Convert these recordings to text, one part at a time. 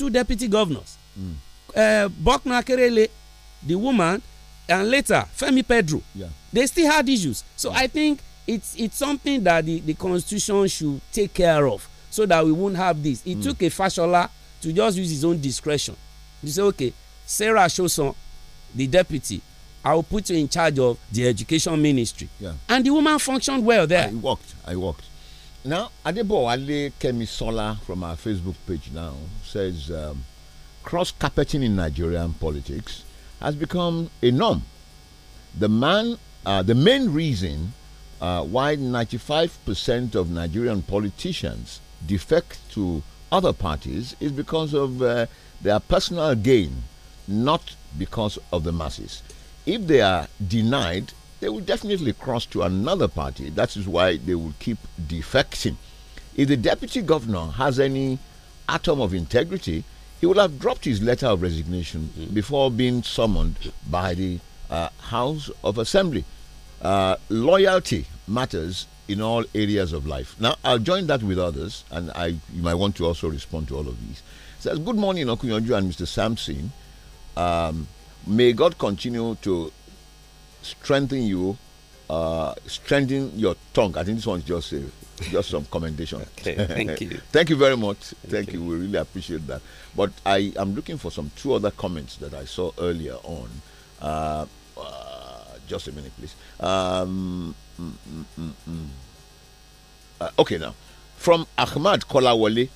two deputy governors, mm. uh, eh, Bokna Akerele, the woman, and later Femi Pedro. Yeah. They still had issues. So yeah. I think it's it's something that the, the constitution should take care of so that we won't have this. It mm. took a Fashola to just use his own discretion. He said, okay, Sarah Shoson, the deputy, I will put you in charge of the education ministry. Yeah. And the woman functioned well there. I worked. I worked. Now, Adebowale Kemisola from our Facebook page now says um, cross carpeting in Nigerian politics has become a norm. The man, uh, the main reason uh, why 95% of Nigerian politicians defect to other parties is because of uh, their personal gain, not because of the masses. If they are denied they will definitely cross to another party. That is why they will keep defecting. If the deputy governor has any atom of integrity, he will have dropped his letter of resignation mm before being summoned by the uh, House of Assembly. Uh, loyalty matters in all areas of life. Now, I'll join that with others, and I, you might want to also respond to all of these. It says, Good morning, Okunyonju and Mr. Sampson. Um, may God continue to strengthen you, uh, strengthen your tongue. I think this one's just a, just some commendation. okay, thank you. thank you very much. Thank, thank you. you. We really appreciate that. But I am looking for some two other comments that I saw earlier on. Uh, uh, just a minute, please. Um, mm, mm, mm, mm. Uh, okay, now from Ahmad Kolawole.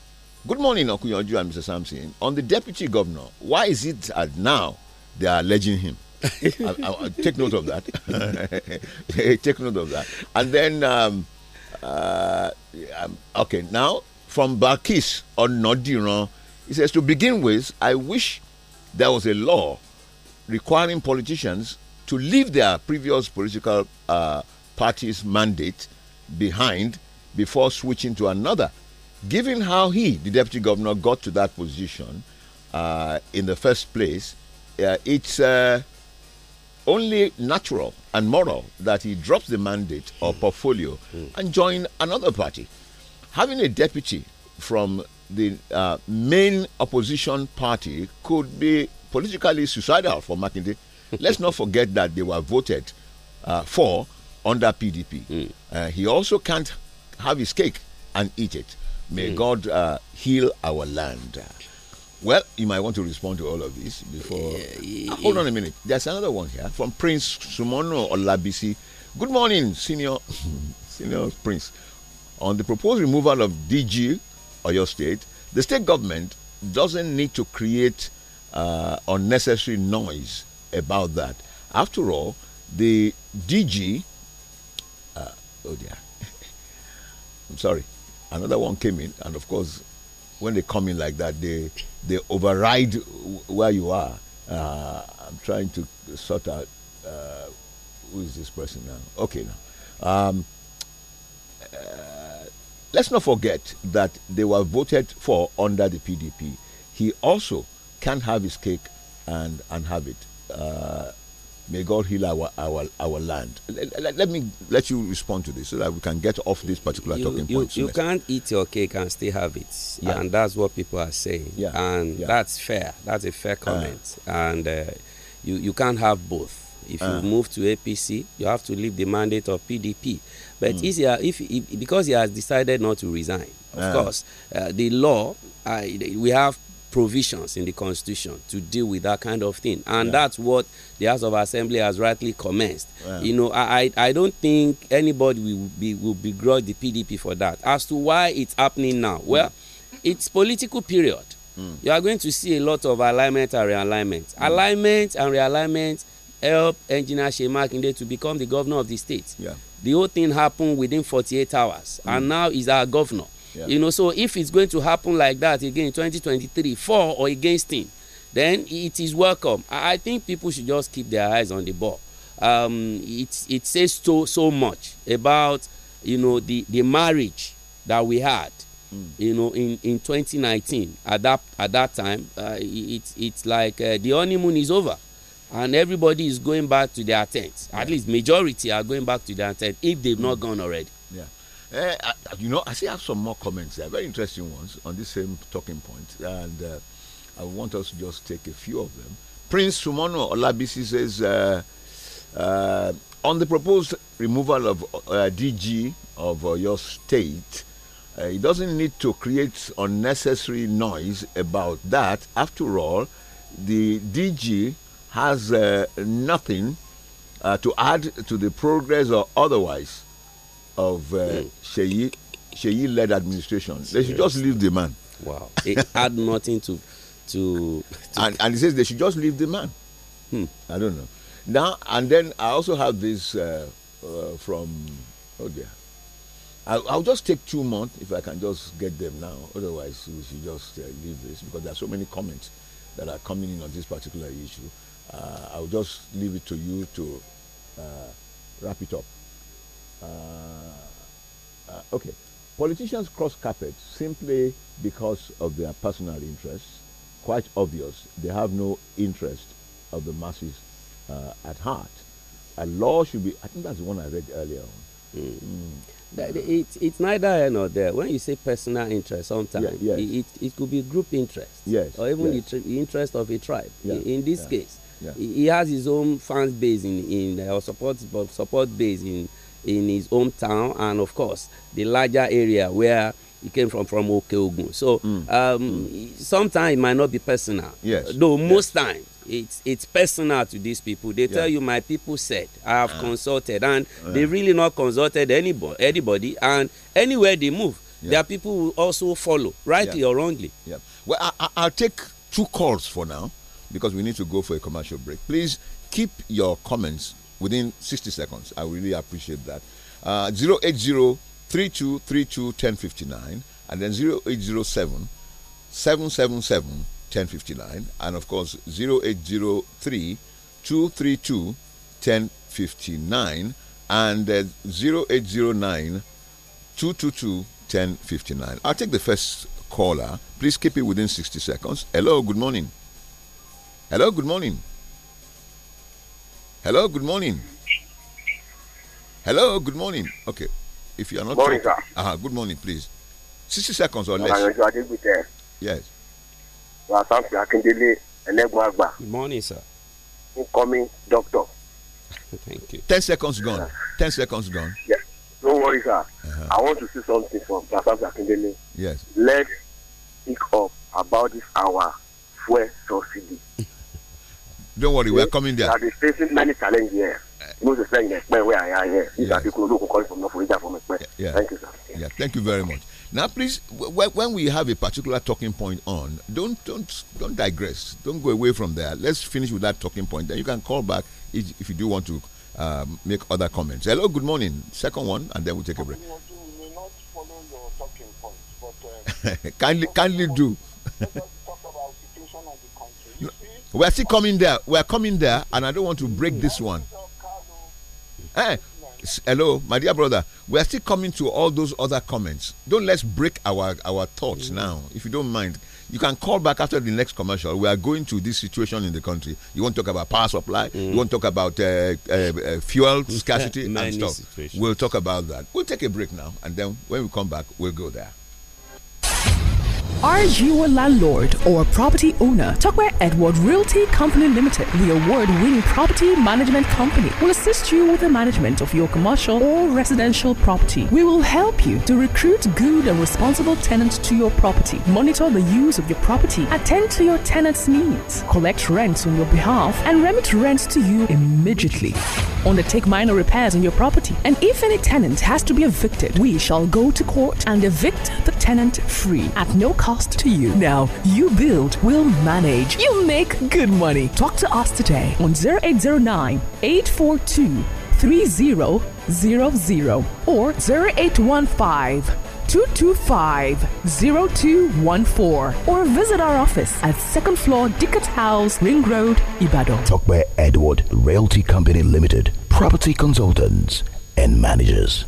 Good morning, Okuyonju and Mr. Samson. On the deputy governor, why is it that now they are alleging him? I, I, I, take note of that. take note of that. And then, um, uh, um, okay, now from Barkis on Nodiran, he says, to begin with, I wish there was a law requiring politicians to leave their previous political uh, party's mandate behind before switching to another. Given how he, the deputy governor, got to that position uh, in the first place, uh, it's uh, only natural and moral that he drops the mandate or hmm. portfolio mm. and join another party. Having a deputy from the uh, main opposition party could be politically suicidal for Mackinday. Let's not forget that they were voted uh, for under PDP. Mm. Uh, he also can't have his cake and eat it. May mm. God uh, heal our land. Well, you might want to respond to all of this before. Yeah, yeah, ah, hold yeah. on a minute. There's another one here from Prince Sumono Olabisi. Good morning, senior, senior Prince. On the proposed removal of DG or your state, the state government doesn't need to create uh, unnecessary noise about that. After all, the DG. Uh, oh dear. I'm sorry. Another one came in, and of course, when they come in like that, they they override where you are. Uh, I'm trying to sort out uh, who is this person now. Okay, now um, uh, let's not forget that they were voted for under the PDP. He also can have his cake and and have it. Uh, May God heal our our our land. Let, let, me let you respond to this so that we can get off this particular you, talking you, point. You, can't eat your cake and still have it, yeah. and that's what people are saying. Yeah. and yeah. that's fair. That's a fair uh. comment. Uh, and uh, you you can't have both. If uh, you move to APC, you have to leave the mandate of PDP. But mm. easier if, if, because he has decided not to resign. Of uh. course, uh, the law. we have provisions in the constitution to deal with that kind of thing and yeah. that's what the house of assembly has rightly commenced yeah. you know I, I don't think anybody will be will begrudge the pdp for that as to why it's happening now hmm. well mm. it's political period mm. you are going to see a lot of alignment and realignment mm. alignment and realignment help engineer shemakinde to become the governor of the state yeah. the whole thing happened within 48 hours and hmm. now he's our governor Yeah. You know, so if it's going to happen like that again in 2023, for or against him, then it is welcome. I think people should just keep their eyes on the ball. Um, it it says so so much about you know the the marriage that we had. Mm. You know, in in 2019, at that at that time, uh, it's it's like uh, the honeymoon is over and everybody is going back to their tent yeah. at least majority are going back to their tent if they've mm. not gone already. Uh, you know, I still have some more comments. They're very interesting ones on this same talking point, and uh, I want us to just take a few of them. Prince Sumono Olabisi says, uh, uh on the proposed removal of uh, DG of your state, it uh, doesn't need to create unnecessary noise about that. After all, the DG has nothing to add to the progress or otherwise of uh, mm. Sheyi Sheyi led administration. Seriously. They should just leave the man. Wow, it had nothing to, to, to and and he says they should just leave the man. Hmm. I don't know. Now and then I also have this uh, uh, from oh dear. I, I'll, just take two months if I can just get them now. Otherwise, we should just uh, leave this because there are so many comments that are coming in on this particular issue. Uh, I'll just leave it to you to uh, wrap it up. Uh, uh, okay, politicians cross carpet simply because of their personal interests. Quite obvious, they have no interest of the masses uh, at heart. A law should be, I think that's the one I read earlier on. Mm. Mm. it, it's neither here nor there. When you say personal interest, sometimes yeah, yes. it, it, could be group interest, yes, or even yes. the interest of a tribe. Yeah, in, in, this yeah, case, he has his own fans base in in or uh, support support base in in his hometown and of course the larger area where he came from from Okeogun. So mm. Um, sometimes it might not be personal. Yes. Though most yes. time it's it's personal to these people. They yeah. tell you my people said I have ah. consulted and yeah. they really not consulted anybody anybody and anywhere they move yeah. their people will also follow rightly or wrongly. Yeah. Well I, I'll take two calls for now because we need to go for a commercial break. Please keep your comments within 60 seconds. I really appreciate that. Uh, 080 3232 and then 0807 777 and of course 0803 232 and uh, 0809 222 I'll take the first caller. Please keep it within 60 seconds. Hello, good morning. Hello, good morning. Hello, good morning. Hello, good morning. Okay, if you are not. Morning, sure, sir. Uh -huh, good morning, please. Sixty seconds or less. Ọ̀làyànjú Adégbìtẹ́. Yes. Wà Samson Akindele Ẹlẹ́gbọ̀n Àgbà. Good morning, sir. Incoming doctor. Thank you. Ten seconds gone. Yeah. Ten seconds gone. Yes. Don't worry, sir. Uh -huh. I want to see something from Professor Akindele. Yes. Let's speak up about this hour fuel subsidy. Don't worry, we're coming there. I've been facing many challenges here. Eh. Most especially in Ekpe where I am here. These people who call from North Florida for me. Yeah. Thank you, sir. Yeah, thank you very much. Now, please, when we have a particular talking point on, don't don't don't digress. Don't go away from there. Let's finish with that talking point. Then you can call back if you do want to um, make other comments. Hello, good morning. Second one, and then we'll take a break. Uh, kindly, kindly do. We're still coming there. We're coming there, and I don't want to break this one. Hey, eh, hello, my dear brother. We're still coming to all those other comments. Don't let's break our our thoughts mm. now, if you don't mind. You can call back after the next commercial. We are going to this situation in the country. You want to talk about power supply. Mm. You want to talk about uh, uh, uh, fuel scarcity and stuff. We'll talk about that. We'll take a break now, and then when we come back, we'll go there. Are you a landlord or property owner? Tuckware Edward Realty Company Limited, the award winning property management company, will assist you with the management of your commercial or residential property. We will help you to recruit good and responsible tenants to your property, monitor the use of your property, attend to your tenants' needs, collect rents on your behalf, and remit rents to you immediately. Undertake minor repairs on your property, and if any tenant has to be evicted, we shall go to court and evict the tenant free at no cost cost to you. Now, you build, we'll manage, you make good money. Talk to us today on 0809 842 3000 or 0815 225-0214 or visit our office at second floor Dickett House Ring Road Ibadan. Talk by Edward Realty Company Limited, property consultants and managers.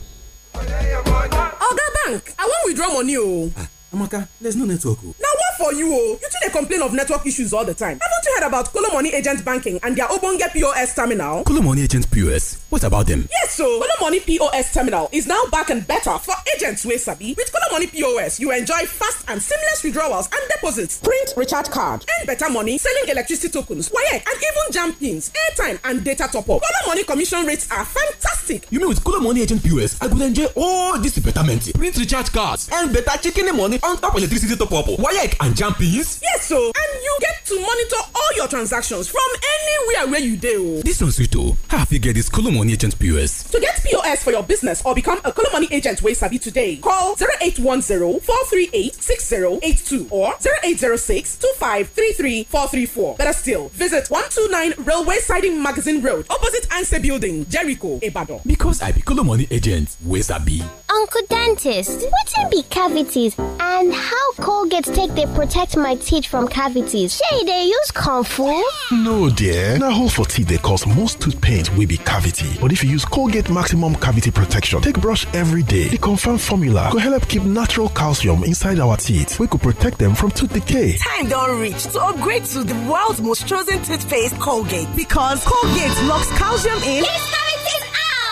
Oga Bank, I wan withdraw money Amaka, there's no network. Oh. Now what for you oh? You two dey complain of network issues all the time. Haven't you heard about Kolo Money Agent Banking and their Obonge POS terminal? Kolo Money Agent POS What about them? Yes, so Kola Money POS terminal is now back and better for agents wey sabi. With Kola Money POS, you enjoy fast and seamless withdrawals and deposits, print recharge card, and better money, selling electricity tokens, WAEC, and even jam pins, airtime, and data top up. Kola Money commission rates are fantastic. You mean with Kola Money agent POS, I could enjoy all this betterment, print recharge cards, and better chicken money on top of electricity top up, WAEC, and jam pins? Yes, so and you get to monitor all your transactions from anywhere where you dey oh. This one sweet o, oh. how I fit get this Kola Money Agent POS. To get POS for your business or become a Color Money Agent Way Savvy today, call 0810 438 6082 or 0806 2533 434. Better still, visit 129 Railway Siding Magazine Road, opposite Anse Building, Jericho, Ebado. Because I be Kolo Money Agent Way Savvy. Uncle Dentist, what be cavities and how Colgate take they protect my teeth from cavities? Say they use Kung Fu? No, dear. Now, hole for teeth they cause most tooth pain will be cavities cavity. But if you use Colgate Maximum Cavity Protection, take brush every day. The confirmed formula could help keep natural calcium inside our teeth. We could protect them from tooth decay. Time don't reach to upgrade to the world's most chosen toothpaste, Colgate. Because Colgate locks calcium in. out!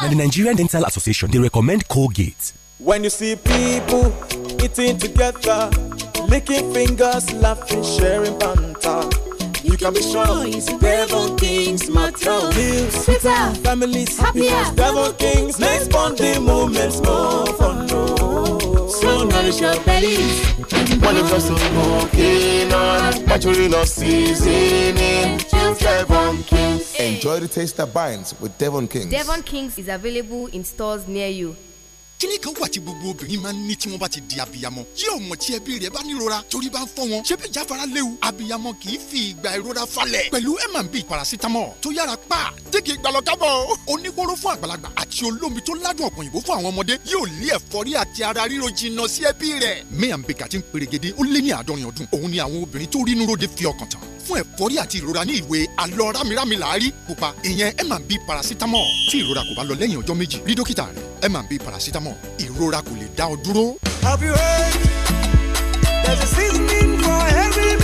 And the Nigerian Dental Association, they recommend Colgate. When you see people eating together, licking fingers, laughing, sharing banter. Commission. Devil Kings matter. Lives, sweeter, families, happier. Devil Kings makes bonding moments more fun. No. So nourish your bellies. Uh, one of us smoking on, naturally love seasoning. Devon Kings. Enjoy the taste that binds with Devon Kings. Devon Kings is available in stores near you kíní kan wà tí gbogbo obìnrin máa ń ní tí wọ́n bá ti di abiyamọ yí ò tí ẹbí rẹ̀ bá nírora torí bá ń fọ́ wọn ṣé bí jáfara léwu abiyamọ kì í fi ìgbà ìrora falẹ̀ pẹ̀lú M&B paracetamol tó yára pa dígì ìgbàlọ́kábọ̀ oníkóró fún àgbàlagbà àti olómi tó ládùn ọ̀pọ̀ òyìnbó fún àwọn ọmọdé yóò lé ẹ̀fọ́rí àti ara ríro jìnnà sí ẹbí rẹ̀. M&B kàti ń fún ẹ̀fọ́rí àti ìrora ní ìwé alọ rámirámi làárí pupa ìyẹn M&B paracetamol tí ìrora kò bá lọ lẹ́yìn ọjọ́ méjì rí dókítà rẹ M&B paracetamol ìrora kò lè dá ọ dúró. Have you heard? There's a seasoning for every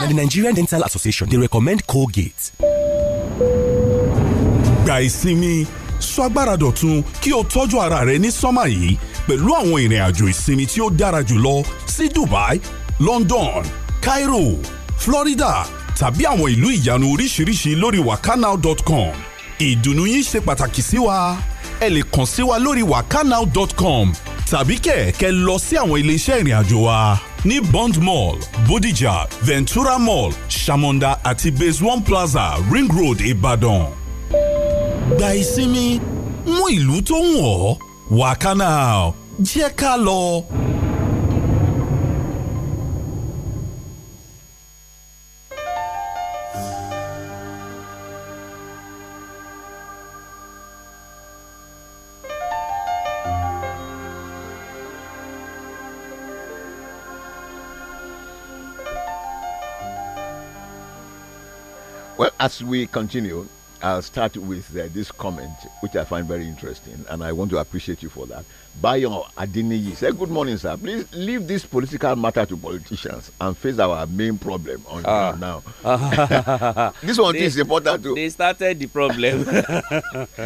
Now, the Nigerian Dental Association, they recommend Colgate. Gba ìsinmi sọ agbára dọ̀tun kí o tọ́jú ara rẹ ní sọ́mà yìí pẹ̀lú àwọn ìrìn àjò ìsinmi tí ó dára jùlọ sí Dubai, London, Cairo, Florida tàbí àwọn ìlú ìyanu oríṣiríṣi lórí wakanow.com. Ìdùnnú yín ṣe pàtàkì sí wa ẹ lè kàn sí wa lórí wakanow.com tàbí kẹ̀kẹ́ lọ sí àwọn ilé ìrìn àjò wa ní bond mall bodija ventura mall samonda àti base one plaza ring road Ibadan. gba ìsinmi mú ìlú tó ń wọ̀ wá jẹ́ ká lọ. Well, as we continue, I'll start with uh, this comment, which I find very interesting, and I want to appreciate you for that. Bayo Adiniyi said, Good morning, sir. Please leave this political matter to politicians and face our main problem on ah. now. this one they, is important too. They started the problem.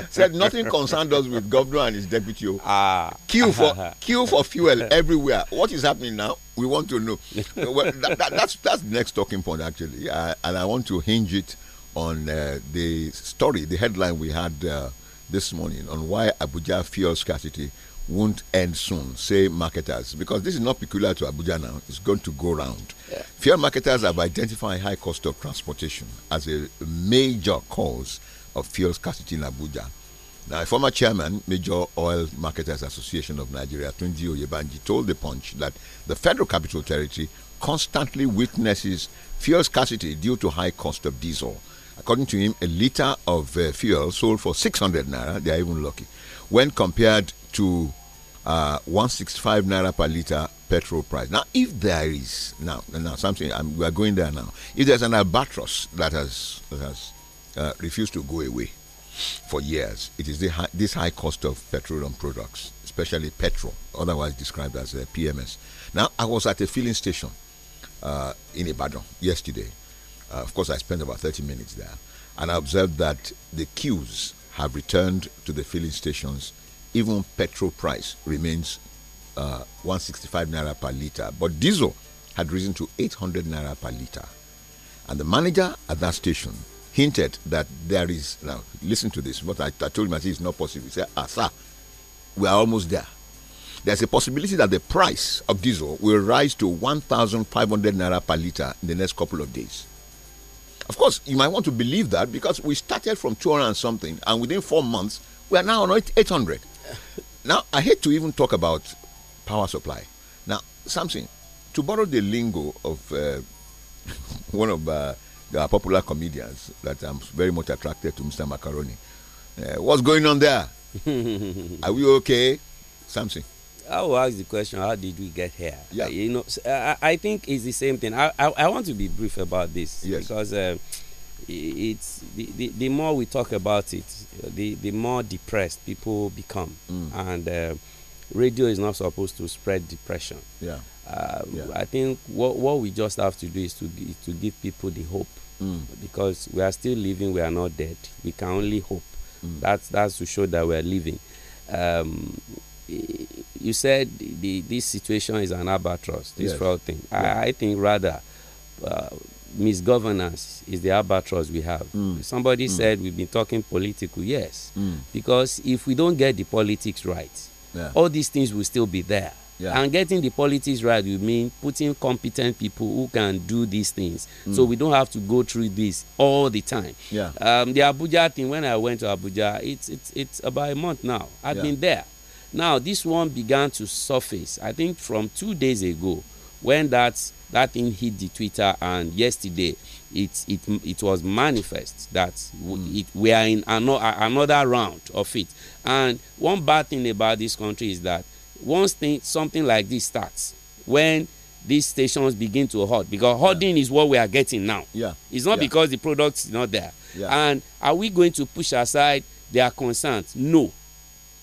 said, Nothing concerns us with governor and his deputy. Ah. Queue, for, queue for fuel everywhere. What is happening now? We want to know. well, that, that, that's, that's the next talking point, actually, uh, and I want to hinge it on uh, the story, the headline we had uh, this morning on why Abuja fuel scarcity won't end soon, say marketers, because this is not peculiar to Abuja now, it's going to go round. Yeah. Fuel marketers have identified high cost of transportation as a major cause of fuel scarcity in Abuja. Now, a former chairman, Major Oil Marketers Association of Nigeria, Tunji Oyebanji, told The Punch that the Federal Capital Territory constantly witnesses fuel scarcity due to high cost of diesel According to him, a litre of uh, fuel sold for 600 naira. They are even lucky. When compared to uh, 165 naira per litre petrol price. Now, if there is, now, now something, I'm, we are going there now. If there's an albatross that has, that has uh, refused to go away for years, it is high, this high cost of petroleum products, especially petrol, otherwise described as uh, PMS. Now, I was at a filling station uh, in Ibadan yesterday uh, of course, I spent about 30 minutes there, and I observed that the queues have returned to the filling stations. Even petrol price remains uh, 165 naira per liter, but diesel had risen to 800 naira per liter. And the manager at that station hinted that there is now. Listen to this. What I, I told him, I said, it's not possible. He said, "Ah, sir, we are almost there." there's a possibility that the price of diesel will rise to 1,500 naira per litre in the next couple of days. Of course, you might want to believe that because we started from 200 and something, and within four months, we are now on 800. now, I hate to even talk about power supply. Now, something to borrow the lingo of uh, one of uh, the popular comedians that I'm very much attracted to, Mr. Macaroni. Uh, what's going on there? are we okay? Something. I will ask the question: How did we get here? Yeah. You know, I, I think it's the same thing. I, I, I want to be brief about this yes. because uh, it's the, the, the more we talk about it, the the more depressed people become, mm. and uh, radio is not supposed to spread depression. Yeah. Uh, yeah. I think what what we just have to do is to is to give people the hope, mm. because we are still living. We are not dead. We can only hope. Mm. That's that's to show that we are living. Um, you said the, this situation is an albatross, this yes. fraud thing. Yeah. I, I, think rather uh, misgovernance is the albatross we have. Mm. Somebody mm. said we've been talking political. Yes, mm. because if we don't get the politics right, yeah. all these things will still be there. Yeah. And getting the politics right will mean putting competent people who can do these things. Mm. So we don't have to go through this all the time. Yeah. Um, the Abuja thing, when I went to Abuja, it's, it's, it's about a month now. I've yeah. been there. Now, this one began to surface, I think, from two days ago when that, that thing hit the Twitter, and yesterday it, it, it was manifest that mm. it, we are in another round of it. And one bad thing about this country is that once thing, something like this starts, when these stations begin to hold, because holding yeah. is what we are getting now. Yeah. It's not yeah. because the product is not there. Yeah. And are we going to push aside their concerns? No.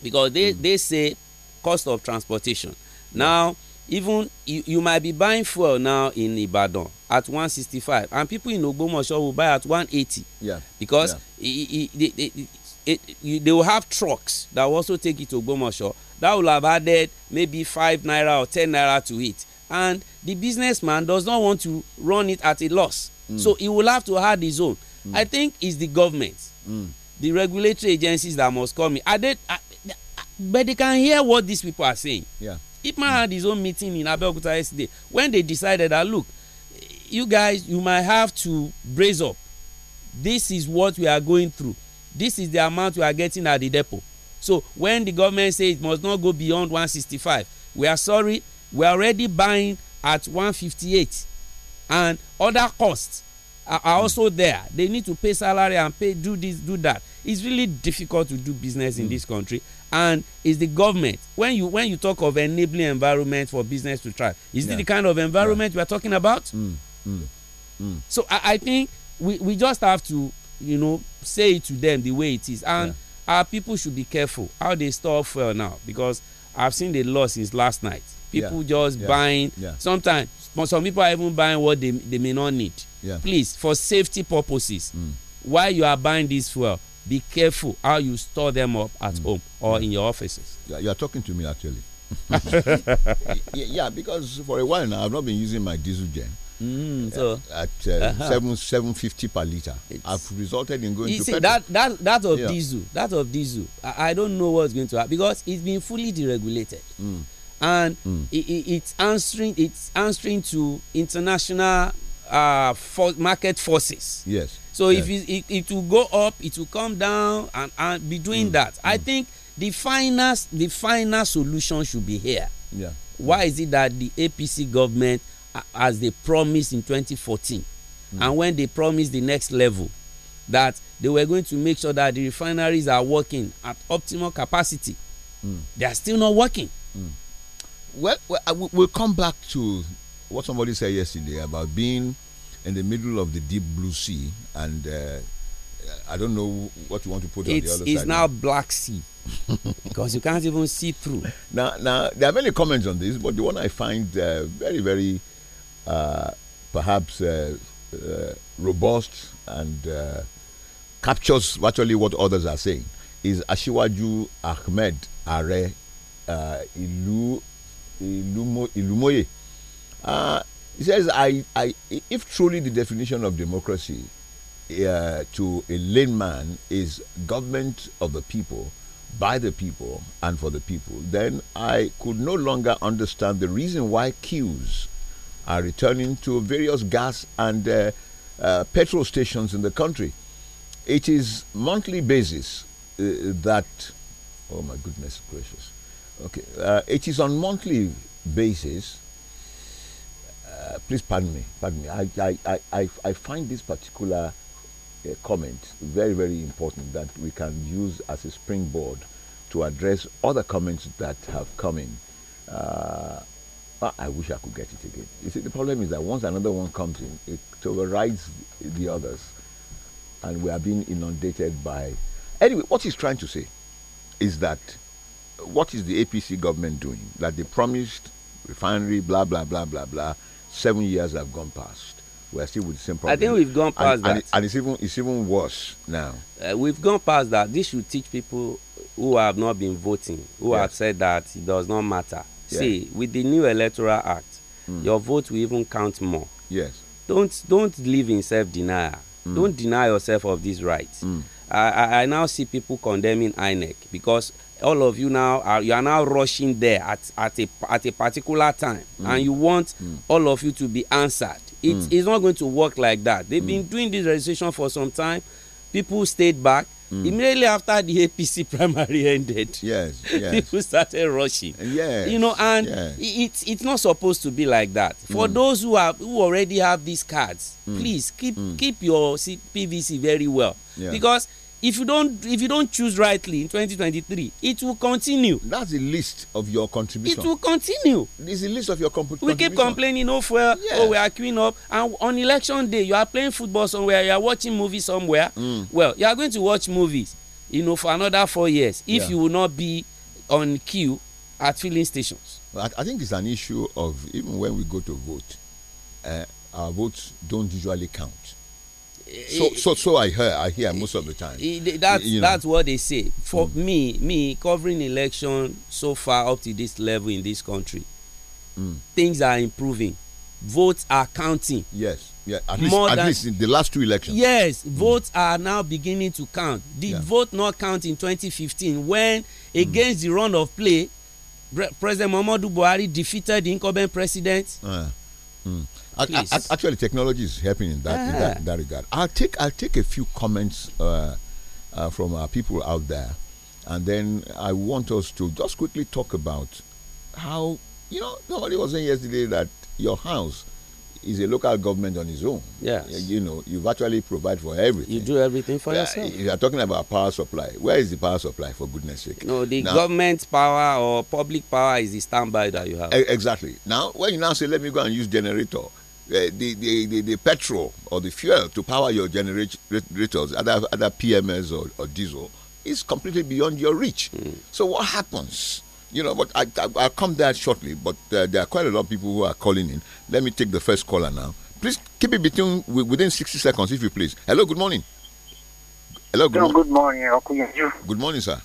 because they mm. they say cost of transportation now even you, you might be buying fuel now in Ibadan at one sixty five and people in Ogbomoso will buy at one eighty. Yeah. Because yeah. It, it, it, it, it, they will have trucks that will also take it to Ogbomoso that will have added maybe five naira or ten naira to it and the businessman does not want to run it at a loss. Mm. So he will have to add his own. Mm. I think it's the government, mm. the regulatory agencies that must come in. Are they? but they can hear what these people are saying. Yeah. Ipman had his own meeting in Abeokuta yesterday when they decided that look, you guys, you might have to brace up. This is what we are going through. This is the amount we are getting at the depot. So when the government says it must not go beyond one sixty-five, we are sorry, we are already buying at one fifty-eight, and other costs are, are also there. They need to pay salary and pay do this, do that. It's really difficult to do business in hmm. this country and is the government when you when you talk of enabling environment for business to thrive is yeah. it the kind of environment yeah. we are talking about mm, mm, mm. so I, I, think we, we just have to you know say it to them the way it is and yeah. our people should be careful how they store fuel now because i've seen the loss since last night people just buying sometimes some people are even buying what they, they may not need please for safety purposes mm. why you are buying this fuel be careful how you store them up at mm. home or yeah. in your offices. Yeah, you are talking to me actually. yeah, because for a while now I've not been using my diesel gen. Mm, uh, so at uh, -huh. seven seven fifty per liter, it's, I've resulted in going. You see that that that of yeah. diesel, that of diesel. I, I, don't know what's going to happen because it's been fully deregulated, mm. and mm. it, it's answering it's answering to international uh, for market forces. Yes. So yes. if it, it, it, will go up, it will come down, and, and be doing mm. that. Mm. I think the final the final solution should be here. Yeah. Why is it that the APC government, as they promised in 2014, mm. and when they promised the next level, that they were going to make sure that the refineries are working at optimal capacity, mm. they are still not working. Mm. Well, well, we'll come back to what somebody said yesterday about being in the middle of the deep blue sea and uh, I don't know what you want to put it's, on the other it's side. It's now Black Sea because you can't even see through. Now, now there are many comments on this, but the one I find uh, very, very uh, perhaps uh, uh robust and uh, captures virtually what others are saying is Ashiwaju Ahmed Are uh, Ilu Ilumo, Ilumoye. Uh, he says, I, I, if truly the definition of democracy uh, to a layman is government of the people, by the people, and for the people, then I could no longer understand the reason why queues are returning to various gas and uh, uh, petrol stations in the country. It is monthly basis uh, that, oh my goodness gracious, okay, uh, it is on monthly basis uh, please pardon me, pardon me. I, I, I, I find this particular uh, comment very, very important that we can use as a springboard to address other comments that have come in. Uh, I wish I could get it again. You see, the problem is that once another one comes in, it overrides the others, and we are being inundated by. Anyway, what he's trying to say is that what is the APC government doing? That they promised refinery, blah, blah, blah, blah, blah seven years have gone past. We are still with the same problem. I think we've gone past and, that. And, it, and, it's even it's even worse now. Uh, we've gone past that. This should teach people who have not been voting, who yes. have said that it does not matter. Yes. See, with the new Electoral Act, mm. your vote will even count more. Yes. Don't don't live in self denial. Mm. Don't deny yourself of these rights. Mm. I, I, I now see people condemning INEC because all of you now are you are now rushing there at at a at a particular time mm. and you want mm. all of you to be answered it mm. is not going to work like that they've mm. been doing this registration for some time people stayed back mm. immediately after the apc primary ended yes, yes. people started rushing yes you know and yes. it's it's not supposed to be like that for mm. those who have who already have these cards please keep keep your pvc very well yeah. because if you don't if you don't choose rightly in 2023 it will continue. that's the list of your contribution. it will continue. it's the list of your contribution. we keep complaining oh well, oh we are queuing up and on election day you are playing football somewhere you are watching movie somewhere. Mm. well you are going to watch movies you know for another four years if yeah. you will not be on queue at filling stations. I, I think it's an issue of even when we go to vote uh, our votes don't usually count so so so I hear I hear most of the time. That's you know. that's what they say. For mm. me me covering election so far up to this level in this country, mm. things are improving. Votes are counting. Yes, yeah. At More least, than, least in the last two elections. Yes, mm. votes are now beginning to count. Did yeah. vote not count in 2015 when mm. against the run of play, President Muhammadu Buhari defeated the incumbent president? Uh, mm. Please. actually, technology is helping in that, in that, uh-huh. in that regard. I'll take I'll take a few comments uh, uh, from our people out there, and then I want us to just quickly talk about how you know nobody was saying yesterday that your house is a local government on its own. Yeah. You know, you virtually provide for everything. You do everything for yourself. You are talking about power supply. Where is the power supply, for goodness sake? No, the now, government's power or public power is the standby that you have. Exactly. Now, when you now say, let me go and use generator, Eh, the, the, the, the, petrol or the fuel to power your generators, other, other PMS or, or diesel, is completely beyond your reach. Mm. So what happens? You know, but I, I, will come there shortly, but uh, there are quite a lot of people who are calling in. Let me take the first caller now. Please keep it between within 60 seconds, if you please. Hello, good morning. Hello, good, Hello, good morning. Uncle Good morning, sir.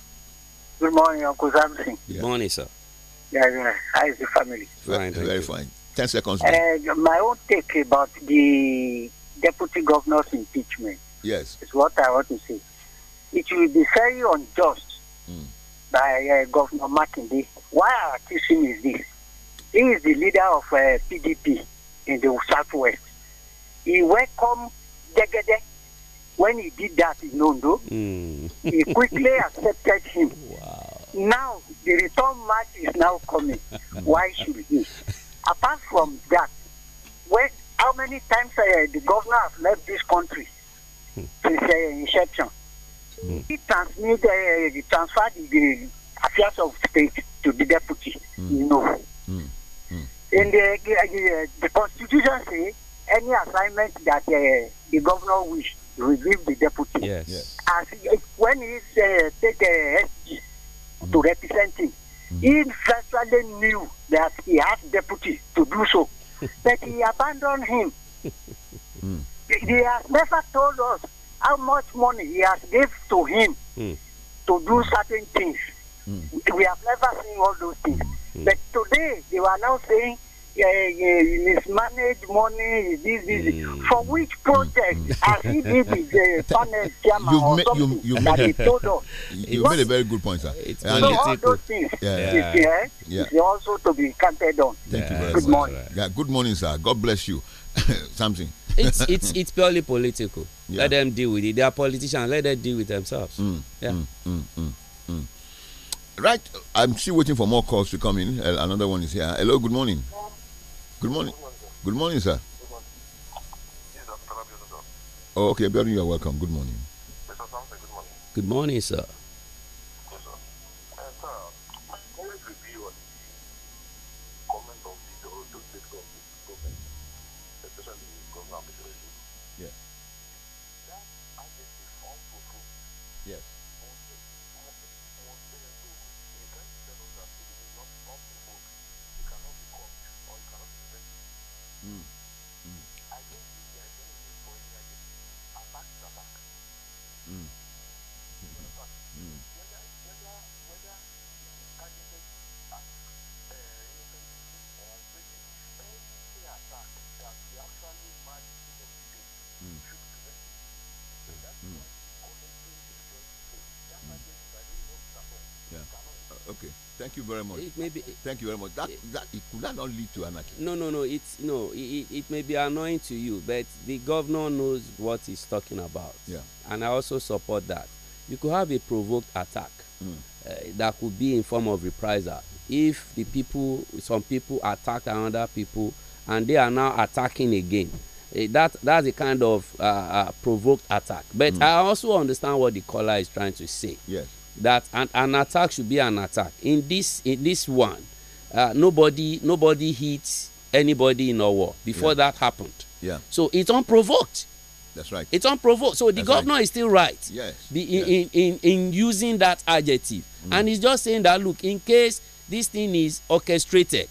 Good morning, Uncle Samson. Good morning, sir. Yeah, yeah. How is the family? Fine, very, very fine. 10 seconds. Uh, my own take about the deputy governor's impeachment. Yes. Is what I want to say. It will be very unjust mm. by uh, Governor Mackinday. Why are accusing is this? He is the leader of uh, eh, PDP in the Southwest. He welcomed Degede. When he did that in Nondo. mm. he quickly accepted him. Wow. Now, the return match is now coming. Why should he? Apart from that, when how many times uh, the governor has left this country mm. since uh, inception? Mm. He transmit, uh, transferred the affairs of state to the deputy. Mm. No. Hmm. Hmm. and In uh, the, uh, the, uh, the, constitution says any assignment that the governor wish relieve the deputy. Yes. yes. As when he uh, take a SG hmm. to represent him, Mm-hmm. He President knew that he had deputy to do so, but he abandoned him. Mm. He has never told us how much money he has given to him mm. to do certain things. Mm. We have never seen all those things. Mm. But today they were now saying mismanaged money, this, this, mm. for which project mm. as he did with finance chairman you've or made, something you, you that he told us. You made a very good point, sir. It's so all those things yeah. Yeah. Is, eh? yeah. is also to be counted on. Thank yeah. you very good much. morning. Yeah, good morning, sir. God bless you. Something. it's it's it's purely political. Yeah. Let them deal with it. They are politicians. Let them deal with themselves. Mm, yeah. Mm, mm, mm, mm. right. I'm still waiting for more calls to come in. Uh, another one is here. Hello. Good morning. Good morning. Good morning, sir. Good morning. Oh, okay, Abiodun, you are welcome. Good morning. good morning. Good morning, sir. very much. It may be. Thank you very much. That it, that it could that not lead to anarchy? No, no, no. It's no. It, it may be annoying to you, but the governor knows what he's talking about. Yeah. And I also support that. You could have a provoked attack mm. uh, that could be in form of reprisal. If the people, some people attack another people, and they are now attacking again. Uh, that that's a kind of uh, uh provoked attack. But mm. I also understand what the caller is trying to say. Yes that an, an attack should be an attack in this in this one uh, nobody nobody hits anybody in our war before yeah. that happened yeah so it's unprovoked that's right it's unprovoked so the That's governor right. is still right yes, the, yes. In, in in using that adjective mm. and he's just saying that look in case this thing is orchestrated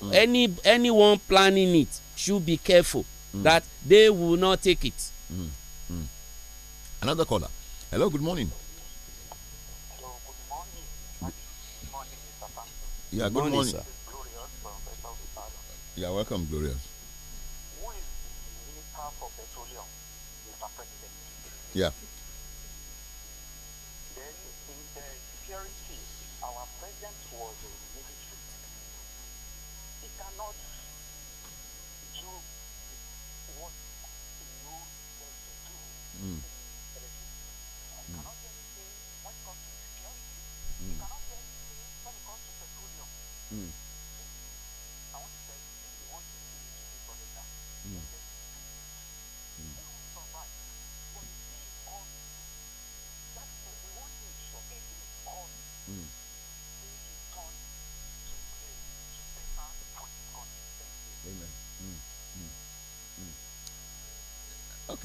mm. any anyone planning it should be careful mm. that they will not take it mm. Mm. another caller hello good morning Yeah, good morning. morning. Sir. Yeah, welcome, Gloria. Who is the Minister for Petroleum, Mr. President? Yeah.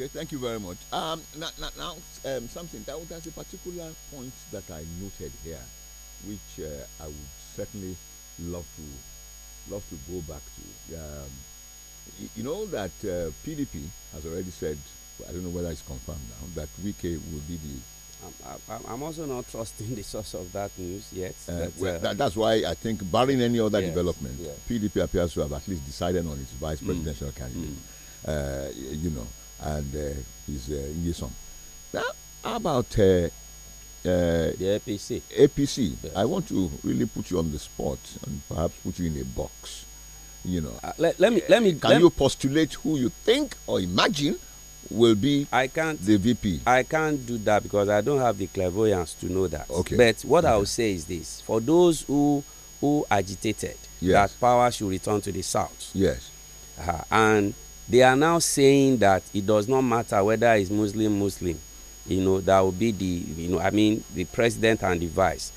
Okay, thank you very much. Um, now, now, um, something that there's a particular point that I noted here, which uh, I would certainly love to love to go back to. Um, you know that uh, PDP has already said, I don't know whether it's confirmed now, that Wike will be the I'm, I'm, also not trusting the source of that news yet. Uh, that, well, uh, that, that's why I think, barring any other yes, development, yes. PDP appears to have at least decided on its vice presidential mm. candidate. Mm. Uh, you know, and uh, his uh, son. Now, how about uh, uh, the APC. APC. Yes. I want to really put you on the spot and perhaps put you in a box. You know. Uh, let, let, me. Uh, let me. Can let you postulate who you think or imagine will be? I can't. The VP. I can't do that because I don't have the clairvoyance to know that. Okay. But what okay. I will say is this: for those who who agitated yes. that power should return to the south. Yes. Uh, and they are now saying that it does not matter whether it's muslim muslim you know that will be the you know i mean the president and the vice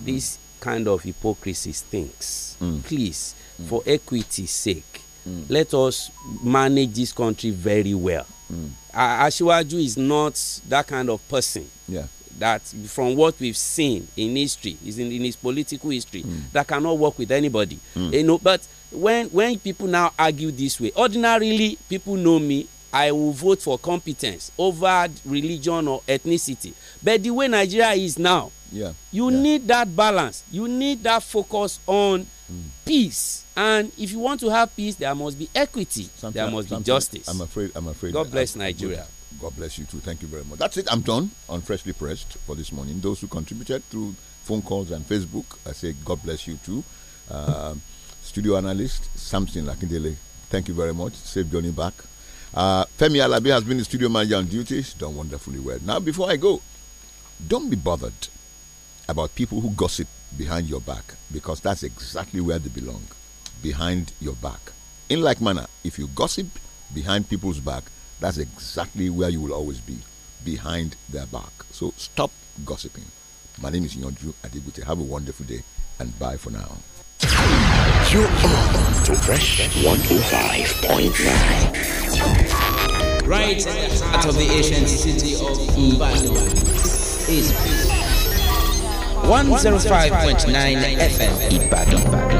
mm. this kind of hypocrisy stinks mm. please mm. for equity's sake mm. let us manage this country very well mm. Uh, Ashiwaju is not that kind of person yeah that from what we've seen in history is in, in his political history mm. that cannot work with anybody mm. you know but when when people now argue this way ordinarily people know me i will vote for competence over religion or ethnicity but the way nigeria is now yeah. you yeah. need that balance you need that focus on mm. peace and if you want to have peace there must be equity something there must I'm, be justice i'm afraid i'm afraid god bless nigeria God bless you too. Thank you very much. That's it. I'm done on Freshly Pressed for this morning. Those who contributed through phone calls and Facebook, I say God bless you too. Uh, studio analyst Samson Lakindele, thank you very much. Safe journey back. Uh, Femi Alabi has been the studio manager on duty. She's done wonderfully well. Now, before I go, don't be bothered about people who gossip behind your back because that's exactly where they belong behind your back. In like manner, if you gossip behind people's back, that's exactly where you will always be, behind their back. So stop gossiping. My name is Nyonju Adibute. Have a wonderful day and bye for now. You are on to Fresh 105.9. Right out of the ancient city of Ibadan is 105.9 FM Ibadan.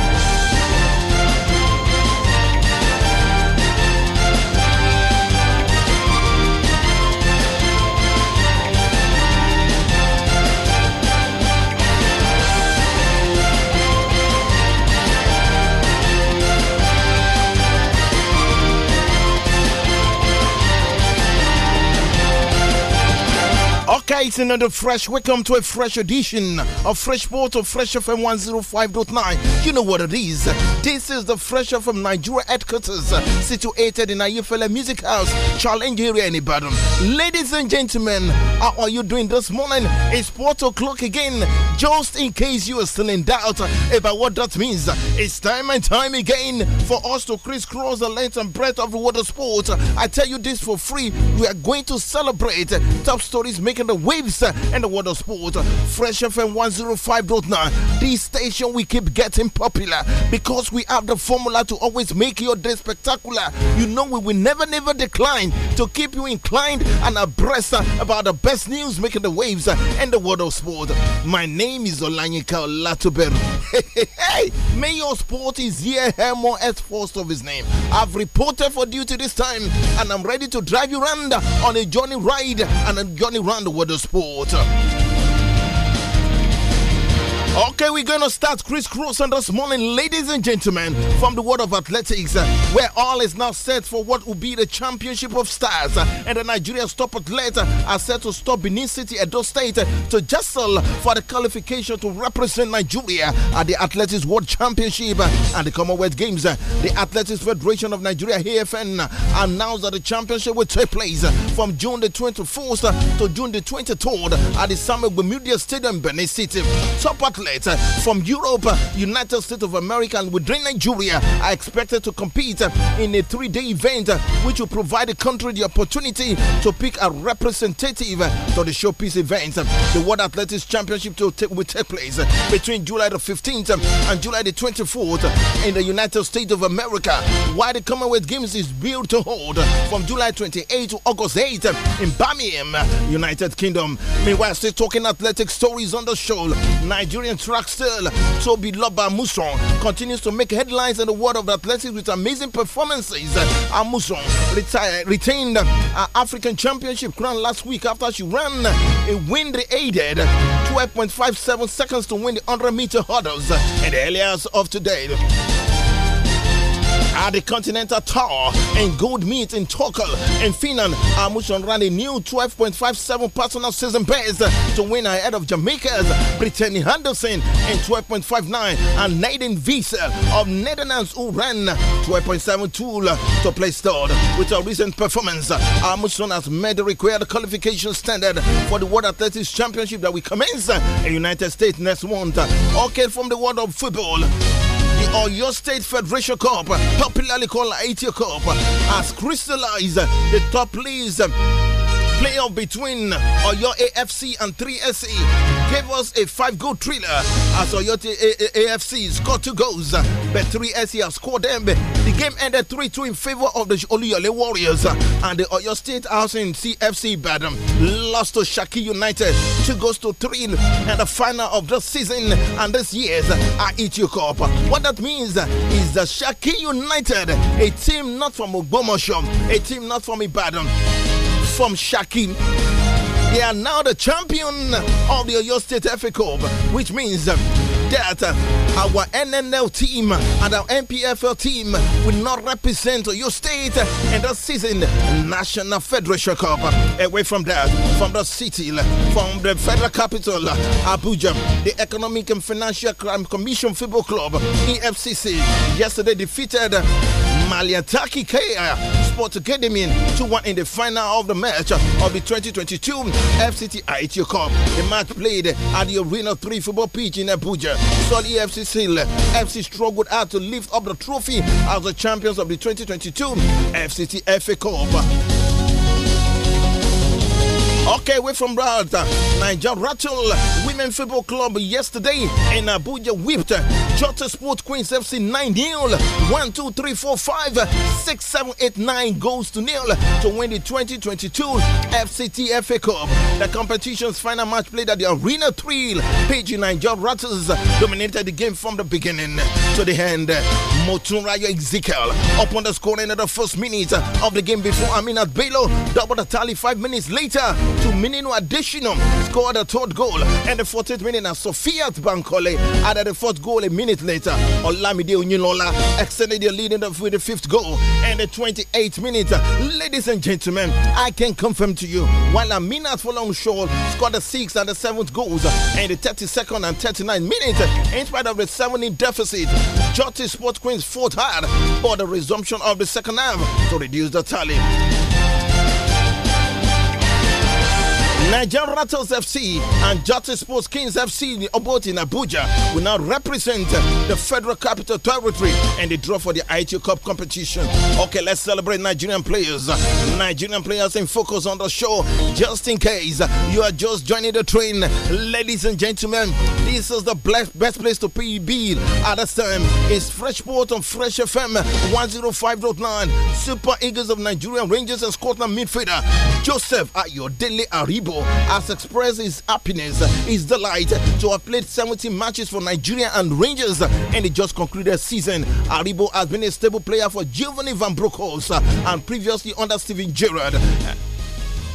Okaiten and the Fresh. Welcome to a fresh edition of Fresh Port of Fresh FM 105.9. You know what it is. This is the Fresh FM Nigeria headquarters, situated in Ayefele Music House, Challenge area in Ibadan. Ladies and gentlemen, how are you doing this morning? It's 4 o'clock again. Just in case you are still in doubt about what that means, it's time and time again for us to crisscross the length and breadth of water sport. I tell you this for free. We are going to celebrate top stories making the waves uh, and the world of sports. Uh, Fresh FM 105.9. This station we keep getting popular because we have the formula to always make your day spectacular. You know, we will never, never decline to keep you inclined and abreast uh, about the best news making the waves and the world of sport. My name is Olanyika Latuberu. Hey, hey, hey, Mayor Sport is here, Hermo S. First of his name. I've reported for duty this time and I'm ready to drive you round on a journey ride and a journey round the world the sport. Okay, we're going to start Chris crisscrossing this morning, ladies and gentlemen, from the world of athletics, uh, where all is now set for what will be the championship of stars. Uh, and the Nigerian top athletes uh, are set to stop Benin City at those state to jostle for the qualification to represent Nigeria at the Athletics World Championship and the Commonwealth Games. The Athletics Federation of Nigeria (AFN) announced that the championship will take place from June the 24th to June the 23rd at the Samuel Bermuda Stadium, Benin City. Top athletes from Europe, United States of America, and within Nigeria are expected to compete in a three day event which will provide the country the opportunity to pick a representative to the showpiece event. The World Athletics Championship will take place between July the 15th and July the 24th in the United States of America, while the Commonwealth Games is built to hold from July 28 to August 8 in Birmingham, United Kingdom. Meanwhile, still talking athletic stories on the show. Nigerian and track star Toby Loba Muson continues to make headlines in the world of athletics with amazing performances. Amuson retained her uh, African Championship crown last week after she ran a win aided 12.57 seconds to win the 100 meter hurdles in the earlier of today. At the Continental Tower and Gold Meet in Tokel in Finland, Amushon ran a new 12.57 personal season best to win ahead of Jamaica's Brittany Henderson in 12.59 and Nathan Visa of Netherlands who ran 12.72 to place third. With her recent performance, Amushon has met the required qualification standard for the World Athletics Championship that will commence in United States next month. Okay, from the world of football or your state Federation Cup, popularly called ATO Cup, has crystallized the top leagues playoff between Oyo AFC and 3SE gave us a five goal thriller as Oyo AFC scored two goals, but 3SE has scored them. The game ended 3 2 in favor of the Oluyole Warriors and the Oyo State House in CFC Badam lost to Shaki United two goals to three and the final of the season and this year's Aichu Cup. What that means is that Shaki United, a team not from Ogbomosho, a team not from Ibadan, from Shakim. They are now the champion of the Oyo State FA Cup, which means that our NNL team and our MPFL team will not represent your state in the season National Federation Cup. Away from that, from the city, from the federal capital, Abuja, the Economic and Financial Crime Commission Football Club, EFCC, yesterday defeated Maliataki Kaya get to in 2 1 in the final of the match of the 2022 FCT ITU Cup. The match played at the Arena 3 football pitch in Abuja. Solid F.C. Seal FC struggled out to lift up the trophy as the champions of the 2022 FCT FA Cup. Okay, we're from Brad. Niger rattled Women Football Club yesterday in Abuja whipped Jota Sport Queens FC 9 0. 1, 2, 3, 4, 5, 6, 7, 8, 9 goals to nil to win the 2022 FCT FA Cup. The competition's final match played at the Arena 3. PG9 Job Rattles dominated the game from the beginning to the end. Motunrayo Ezekiel upon the scoring in the first minute of the game before Aminat Bello doubled the tally five minutes later to Minino Additional scored a third goal and the 14th minute Sofia Sofiat Bankole added the fourth goal a minute minutes later, Olamide Unyilola extended the lead with the fifth goal and the 28th minute. Ladies and gentlemen, I can confirm to you, while Aminat Fulham Shaw scored the sixth and the seventh goals in the 32nd and 39th minute, in spite of the 7 in deficit, Jotty Sport Queens fought hard for the resumption of the second half to reduce the tally. Nigerian Rattles FC and Jota Sports Kings FC both in Abuja will now represent the Federal Capital Territory and the draw for the ITU Cup competition. Okay, let's celebrate Nigerian players. Nigerian players in focus on the show just in case you are just joining the train. Ladies and gentlemen, this is the best place to be at this time. It's Freshport on Fresh FM 105.9. Super Eagles of Nigeria Rangers and Scotland midfielder Joseph at your daily Aribo has expressed his happiness, his delight to have played 70 matches for Nigeria and Rangers in the just concluded season. Aribo has been a stable player for Giovanni Van Broekhols and previously under Steven Gerrard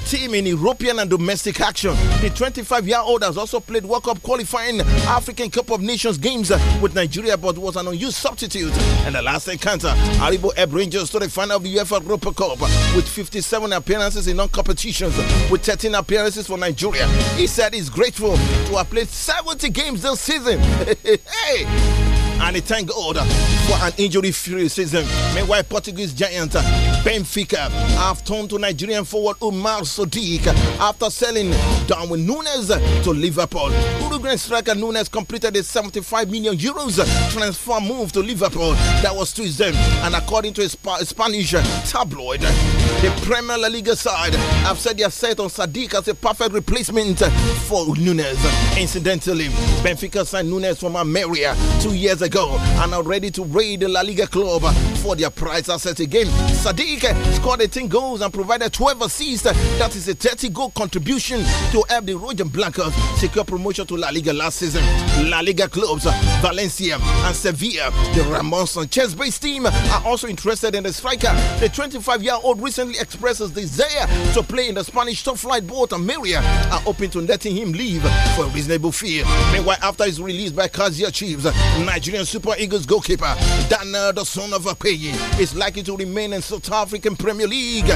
team in European and domestic action. The 25 year old has also played World Cup qualifying African Cup of Nations games uh, with Nigeria but was an unused substitute. In the last encounter, Aribo Ebb Rangers to the final of the UEFA Europa Cup with 57 appearances in non competitions with 13 appearances for Nigeria. He said he's grateful to have played 70 games this season. hey! And thank God for an injury-free season. Meanwhile, Portuguese giant uh, Benfica have turned to Nigerian forward Omar Sadiq after selling Darwin Nunes to Liverpool. Uruguayan striker Nunes completed a 75 million euros transfer move to Liverpool that was Tuesday. And according to a Spanish tabloid, the Premier La Liga side have said they are set on Sadiq as a perfect replacement for Nunes. Incidentally, Benfica signed Nunes from America two years ago ago and are ready to raid the La Liga club for their prize asset again. Sadiq scored 18 goals and provided 12 assists. That is a 30 goal contribution to help the Rojan Blancos secure promotion to La Liga last season. La Liga clubs Valencia and Sevilla, the Ramon Sanchez based team, are also interested in the striker. The 25 year old recently expressed his desire to play in the Spanish top flight boat and Maria are open to letting him leave for a reasonable fee. Meanwhile, after his release by Kazia Chiefs, Nigerian Super Eagles goalkeeper Dana, the son of Apeyi, is likely to remain in. So South African Premier League.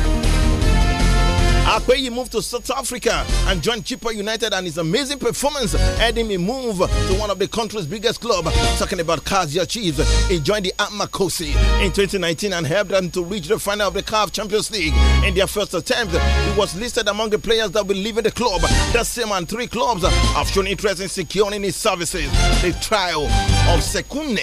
Akweyi moved to South Africa and joined Chippa United and his amazing performance earned him a move to one of the country's biggest clubs. Talking about Kazia Chiefs, he joined the Amakosi in 2019 and helped them to reach the final of the CAF Champions League. In their first attempt, he was listed among the players that will leave the club. The same and three clubs have shown interest in securing his services. The trial of Sekunde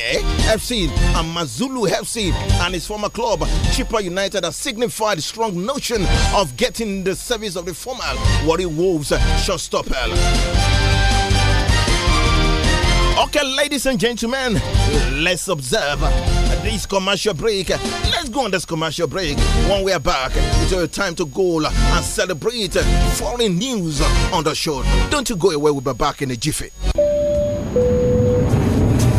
FC and Mazulu FC and his former club, Chippa United, has signified strong notion of getting the service of the former Warri Wolves uh, shortstopper. Okay, ladies and gentlemen, let's observe this commercial break. Let's go on this commercial break. When we are back, it's your time to go and celebrate foreign news on the show. Don't you go away, we'll be back in a jiffy.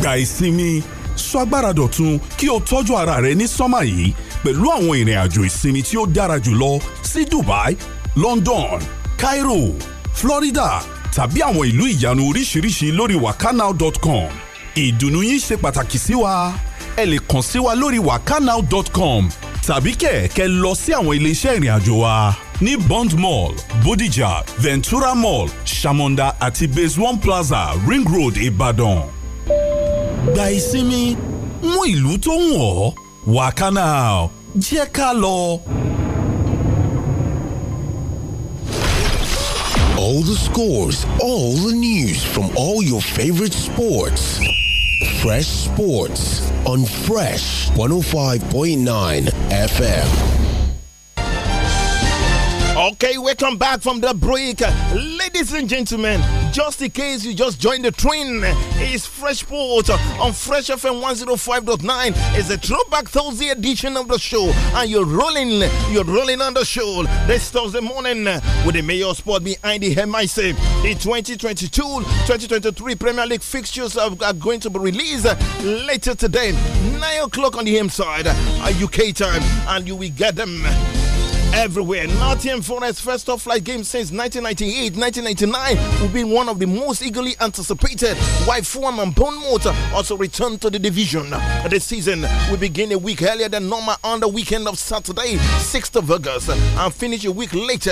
Guys, see me. sọ agbára dọ̀tun kí o tọ́jú ara rẹ ní sọ́mà yìí pẹ̀lú àwọn ìrìn àjò ìsinmi tí ó dára jùlọ sí Dubai, London, Cairo, Florida tàbí àwọn ìlú ìyanu oríṣiríṣi lórí wakanow.com ìdùnnú yín ṣe pàtàkì sí wa ẹ lè kàn sí wa lórí wakanow.com tàbí kẹ̀kẹ́ lọ sí àwọn iléeṣẹ́ ìrìn àjò wa ní Bond Mall, Bodija, Ventura Mall, Shamonda àti Base One Plaza, Ring Road, Ìbàdàn. gba ìsinmi mú ìlú tó ń wọ̀ ọ́. wákà náà jẹ́ ká lọ. All the scores, all the news from all your favorite sports. Fresh Sports on Fresh 105.9 FM. Okay, welcome back from the break. Ladies and gentlemen, just in case you just joined the train, it's Freshport on Fresh FM 105.9. It's a throwback Thursday edition of the show, and you're rolling, you're rolling on the show this Thursday morning with the major sport behind the MIC. The 2022-2023 Premier League fixtures are, are, going to be released later today, 9 o'clock on the M side, UK uh, time, and you will get them everywhere. Nottingham Forest first off flight game since 1998 1999 will be one of the most eagerly anticipated. While Fulham and Bournemouth also return to the division. This season will begin a week earlier than normal on the weekend of Saturday, 6th of August, and finish a week later,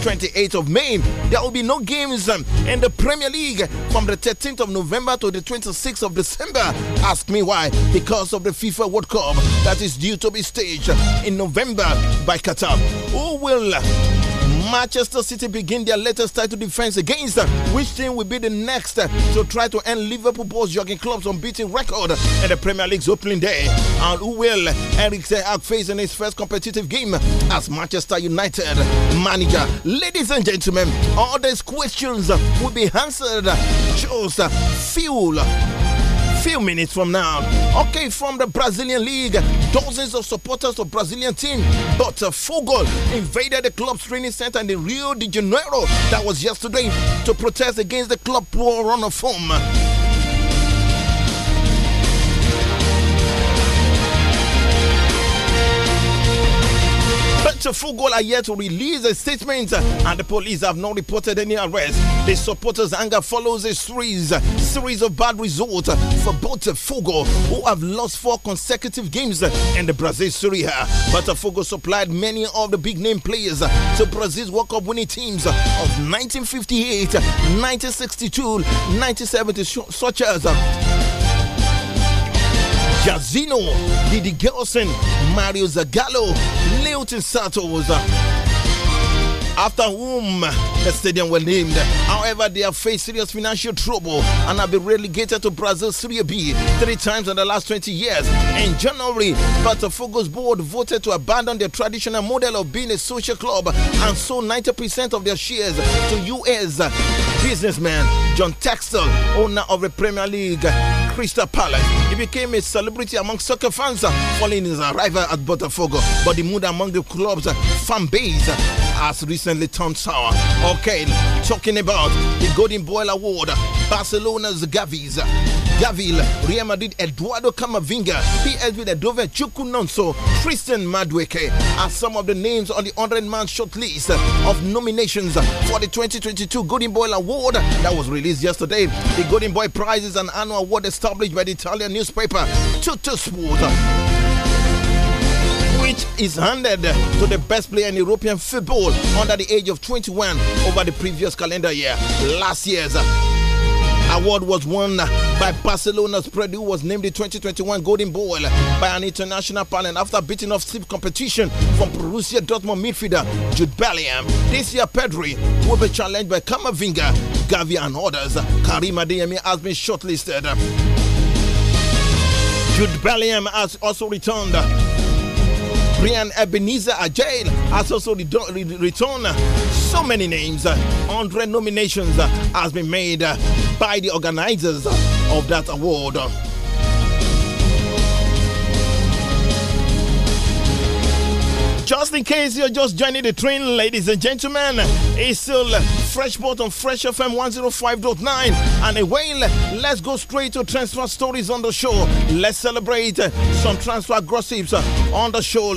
28th of May. There will be no games in the Premier League from the 13th of November to the 26th of December. Ask me why? Because of the FIFA World Cup that is due to be staged in November by Qatar. Who will Manchester City begin their latest title defense against? Which team will be the next to try to end Liverpool boss clubs Klopp's unbeaten record in the Premier League's opening day? And who will Eric Ten Hag face in his first competitive game as Manchester United manager? Ladies and gentlemen, all these questions will be answered. Just fuel few minutes from now. Okay, from the Brazilian league, dozens of supporters of Brazilian team, but uh, invaded the club's training center in Rio de Janeiro that was yesterday to protest against the club poor run of form. Chefugol are yet to release a statement, and the police have not reported any arrest. The supporters' anger follows a series, series of bad results for both Fugo, who have lost four consecutive games in the Brazil Serie A. But Fugo supplied many of the big name players to Brazil's World Cup winning teams of 1958, 1962, 1970, such as. Jazino, Didi Gelson, Mario Zagallo, Leotin Santos. after whom the stadium were named. However, they have faced serious financial trouble and have been relegated to Brazil Serie B three times in the last 20 years. In January, Botafogo's board voted to abandon their traditional model of being a social club and sold 90% of their shares to U.S. businessman John Texel, owner of the Premier League. Crystal Palace. He became a celebrity among soccer fans following his arrival at Botafogo. But the mood among the club's fan base has recently recently turned sour. Okay, talking about the Golden Boy Award, Barcelona's Gavis. Gavil, Real Madrid, Eduardo Camavinga, PSV, the Dover, Chukunonso, Tristan Madweke are some of the names on the 100 man shortlist of nominations for the 2022 Golden Boy Award that was released yesterday. The Golden Boy Prize is an annual award established by the Italian newspaper Tutto Sport which is handed to the best player in European football under the age of 21 over the previous calendar year. Last year's award was won by Barcelona's who was named the 2021 Golden Ball by an international panel after beating off stiff competition from Borussia Dortmund midfielder Jude Bellingham. This year, Pedri will be challenged by Kamavinga, Gavi, and others. Karim Adeyemi has been shortlisted. Jude Bellingham has also returned Brian Ebenezer Ajay has also re re returned. So many names, 100 nominations has been made by the organizers of that award. Just in case you're just joining the train, ladies and gentlemen, it's still boat on Fresh FM 105.9. And away, let's go straight to transfer stories on the show. Let's celebrate some transfer gossips on the show.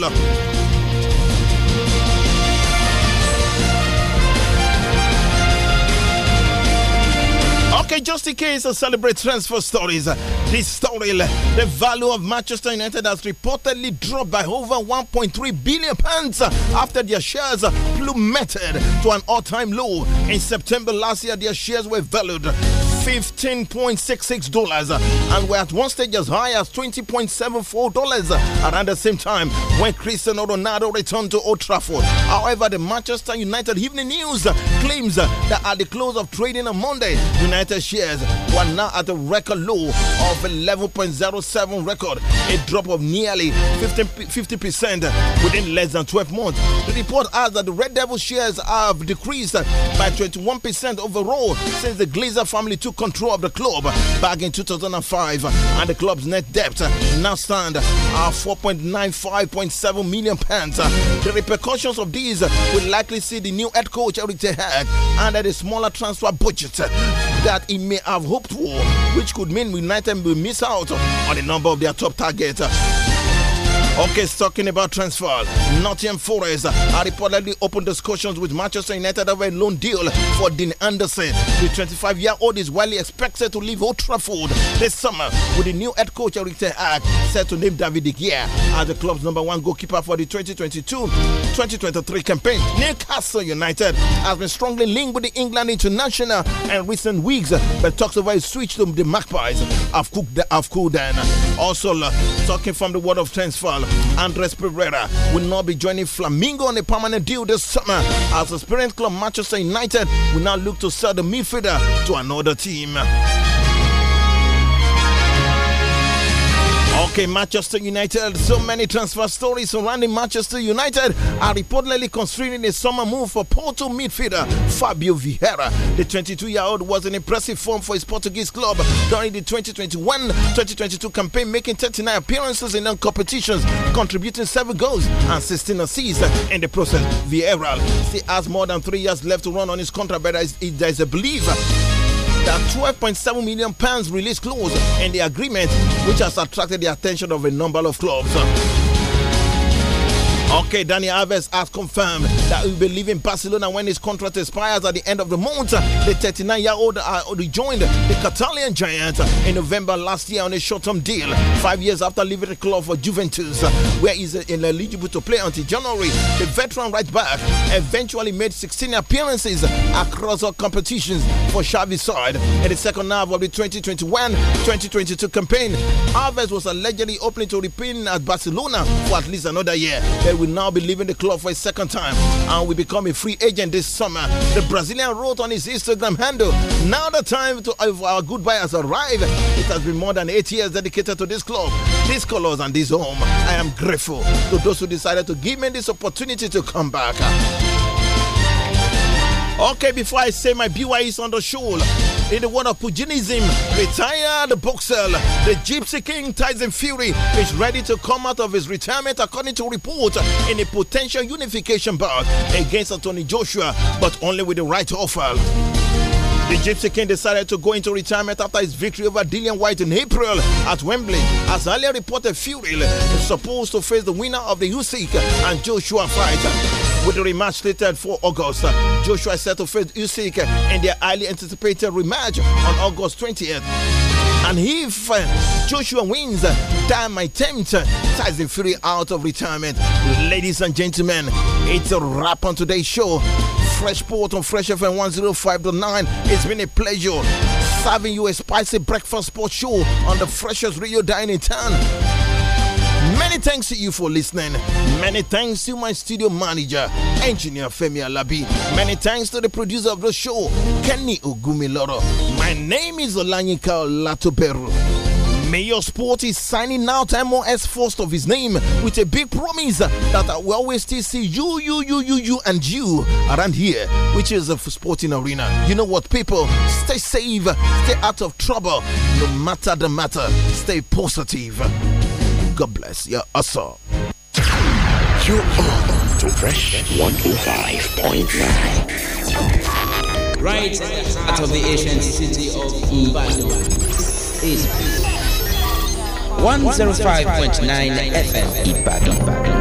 Okay, just in case I celebrate transfer stories, this story, the value of Manchester United has reportedly dropped by over 1.3 billion pounds after their shares plummeted to an all-time low. In September last year, their shares were valued $15.66 uh, and were at one stage as high as $20.74 uh, around the same time when Cristiano Ronaldo returned to Old Trafford. However, the Manchester United Evening News uh, claims that at the close of trading on Monday, United shares were now at a record low of 11.07 record, a drop of nearly 50 percent within less than 12 months. The report adds that the Red Devil shares have decreased by 21% overall since the Glazer family took took control of the club back in 2005, and the club's net debt now stands at 4.95.7 million pounds. The repercussions of these will likely see the new head coach Eric Tehag under the smaller transfer budget that he may have hoped for, which could mean United will miss out on a number of their top targets. Okay, talking about transfers. Nottingham Forest are reportedly open discussions with Manchester United over a loan deal for Dean Anderson. The 25 year old is widely expected to leave Old Trafford this summer with the new head coach Eric Ten Hag set to name David De Gea as the club's number one goalkeeper for the 2022 2023 campaign. Newcastle United has been strongly linked with the England international in recent weeks, but talks over a switch to the Magpies cooked, have cooled down. Also, talking from the world of transfer, Andres Pereira will not be joining Flamingo on a permanent deal this summer as the parent club Manchester United will now look to sell the midfielder to another team. Okay, Manchester United. So many transfer stories surrounding Manchester United are reportedly considering a summer move for Porto midfielder Fabio Vieira. The 22 year old was in impressive form for his Portuguese club during the 2021 2022 campaign, making 39 appearances in non competitions, contributing 7 goals and 16 assists in the process. Vieira still has more than 3 years left to run on his contract, but there is a believer that 12.7 million pounds release clause in the agreement, which has attracted the attention of a number of clubs. Okay, Dani Alves has confirmed that he will be leaving Barcelona when his contract expires at the end of the month. The 39 year old uh, rejoined the Catalan giant in November last year on a short term deal, five years after leaving the club for Juventus, where he is ineligible to play until January. The veteran right back eventually made 16 appearances across all competitions for Xavi's side in the second half of the 2021 2022 campaign. Alves was allegedly open to repeating at Barcelona for at least another year will now be leaving the club for a second time and will become a free agent this summer. The Brazilian wrote on his Instagram handle, Now the time to our goodbye has arrived. It has been more than eight years dedicated to this club, these colors, and this home. I am grateful to those who decided to give me this opportunity to come back. Okay, before I say my BY is on the show, in the world of Pugilism, retired boxer, the Gypsy King Tyson Fury is ready to come out of his retirement according to report in a potential unification bout against Anthony Joshua, but only with the right offer. The Gypsy King decided to go into retirement after his victory over Dillian White in April at Wembley. As earlier reported, Fury is supposed to face the winner of the Usyk and Joshua fight with the rematch slated for August. Joshua set to face Usyk in their highly anticipated rematch on August 20th. And if uh, Joshua wins, time my tempt ties the Fury out of retirement. Ladies and gentlemen, it's a wrap on today's show. Fresh Port on Fresh FM 105.9. It's been a pleasure serving you a spicy breakfast sports show on the freshest radio dining town. Many thanks to you for listening. Many thanks to my studio manager, engineer Femi Alabi. Many thanks to the producer of the show, Kenny Ogumiloro. My name is Olanyika Latoberu. Mayor Sport is signing out MOS first of his name with a big promise that I will always still see you, you, you, you, you, and you around here, which is a sporting arena. You know what, people? Stay safe, stay out of trouble, no matter the matter, stay positive. God bless you, Asa. You are to Fresh 105.9. Right out of the ancient city of Ibadan is 105.9 FM Ibadan.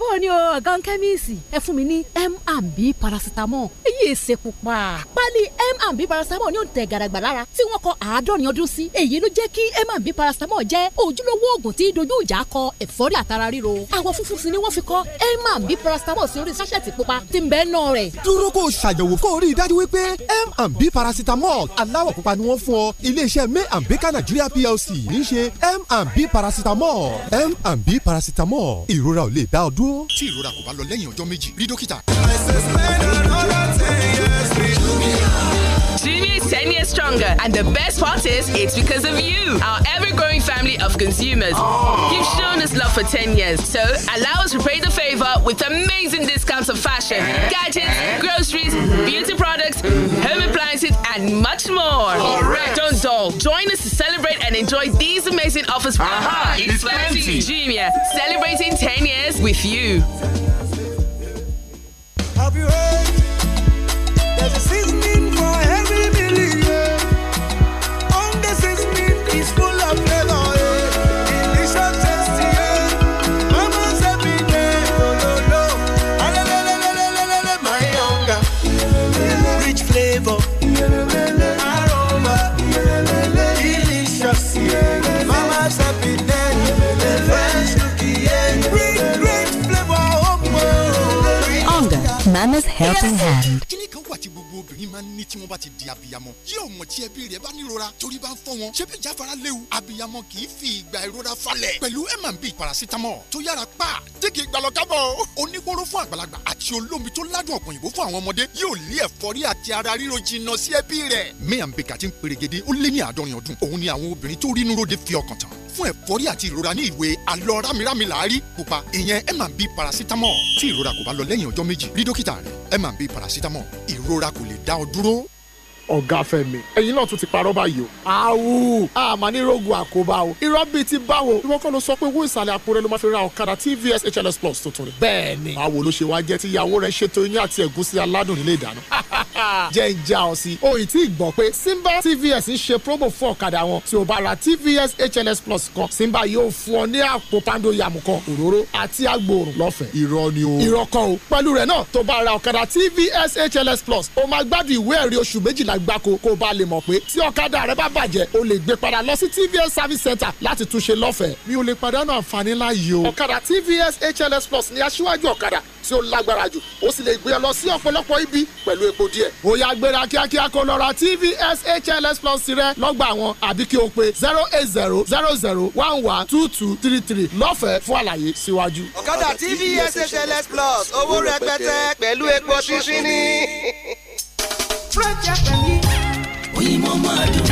bọ́ọ̀ ni ọ̀gá kẹ́míìsì ẹ fún mi ní m&b paracetamol èyí èsè pupa. pálí m&b paracetamol ní òǹtẹ̀ gàràgbà lára tí wọ́n kọ àádọ́rin ọdún sí. èyí ló jẹ́ kí m&b paracetamol jẹ́ ojúlówó oògùn tí dojú ìjà kọ ẹ̀fọ́rí àtara ríro. àwọ̀ funfun sì ni wọ́n fi kọ m&b paracetamol sí orí sáṣẹ̀tì pupa tí ń bẹ́ẹ̀ nọ rẹ̀. dúró kó o ṣàyẹ̀wò kó o rí i dájú wípé m&b paracetamol aláwọ̀ pupa ni wọ́n fún ọ dúró. tí ìrora kò bá lọ lẹ́yìn ọjọ́ méjì rí dókítà. I suspend another ten years with you. ten years Stronger. And the best part is, it's because of you, our ever growing family of consumers. Oh. You've shown us love for 10 years. So allow us to pay the favor with amazing discounts of fashion, eh? gadgets, eh? groceries, beauty products, home appliances, and much more. Correct. Don't dull. Join us to celebrate and enjoy these amazing offers. Aha, uh-huh, it's, plenty. celebrating 10 years with you. Have you heard? There's a seasoning for Mama's Helping Hand. kíní kan wà tí gbogbo obìnrin máa ní tí wọ́n bá ti di abiyamọ yóò mọ̀ tí ẹbí rẹ̀ bá nírora torí bá ń fọ́ wọn ṣebí jáfara léwu abiyamọ kì í fi ìgbà ìrora falẹ̀ pẹ̀lú M&B paracetamol tó yára pa dígì ìgbàlọ́kábọ̀ oníkóró fún àgbàlagbà àti olómi tó ládùn ọ̀pọ̀ òyìnbó fún àwọn ọmọdé yóò lé ẹ̀fọ́rí àti ara ríro jìnnà sí ẹbí rẹ̀. M&B ń fún ẹ̀fọ́rí àti ìrora ní ìwé alọ rámirámi làárí pupa ìyẹn M&B paracetamol tí ìrora kò bá lọ lẹ́yìn ọjọ́ méjì rí dókítà rẹ M&B paracetamol ìrora kò lè dá ọ dúró ọ̀gá fẹ́mi ẹ̀yin náà tún ti parọ́ báyìí o. àwù àmà ní rogo àkóbá o irọ́ bíi ti báwo ìwọ kọ́ ló sọ pé owó ìsàlẹ̀ àpò rẹ ló máa fi ra ọ̀kadà tvs hls plus tuntun rẹ. bẹ́ẹ̀ni báwo ló ṣe wá jẹ́ tí ìyàwó rẹ ṣètò iyán àti ẹ̀gúsí aládùn nílé ìdáná. jẹ́ ń já ọ sí. o ì tí ì gbọ́ pé simba tvs ń ṣe promo fún ọ̀kadà wọn tí o bá ra tvs hls plus kan simba yóò fún ọ ní àpò pando yàmù kan òróró àti agbòòrùn lọ́fẹ̀ẹ́. irọ́ ni o. irọ́ kan o pẹ̀lú rẹ̀ náà tó bá ra ọ̀kadà tvs hls plus o máa gbádùn ìwé ẹ̀rí oṣù méjìlá àgbákò kó o bá lè mọ̀ pé tí ọ̀kadà rẹ bá bàjẹ́ o lè gbé padà lọ sí tvs service center láti túnṣe lọ́fẹ̀ẹ́. mi ò lè pàdánù àǹfààní láàyè o. ọ̀kadà tvs hls plus ni aṣíwájú ọ̀kadà tí ó lágbára jù ó sì lè gbé ọ lọ sí ọ̀pọ̀lọpọ̀ ibi pẹ̀lú epo díẹ̀. ó yá gbéra kíákíá kó lọ ra tvs hls plus tirẹ̀ lọ́gbà wọn àbí kí o pe zero eight zero zero zero one one two two three three lọ́fẹ̀ẹ́ fún àlàyé síwájú. ọ̀kadà tvs hls plus owó rẹpẹtẹ pẹ̀lú epo ṣíṣí ni Fúrẹ́jì àpẹ̀mí. Oyinmọ́ máa dùn.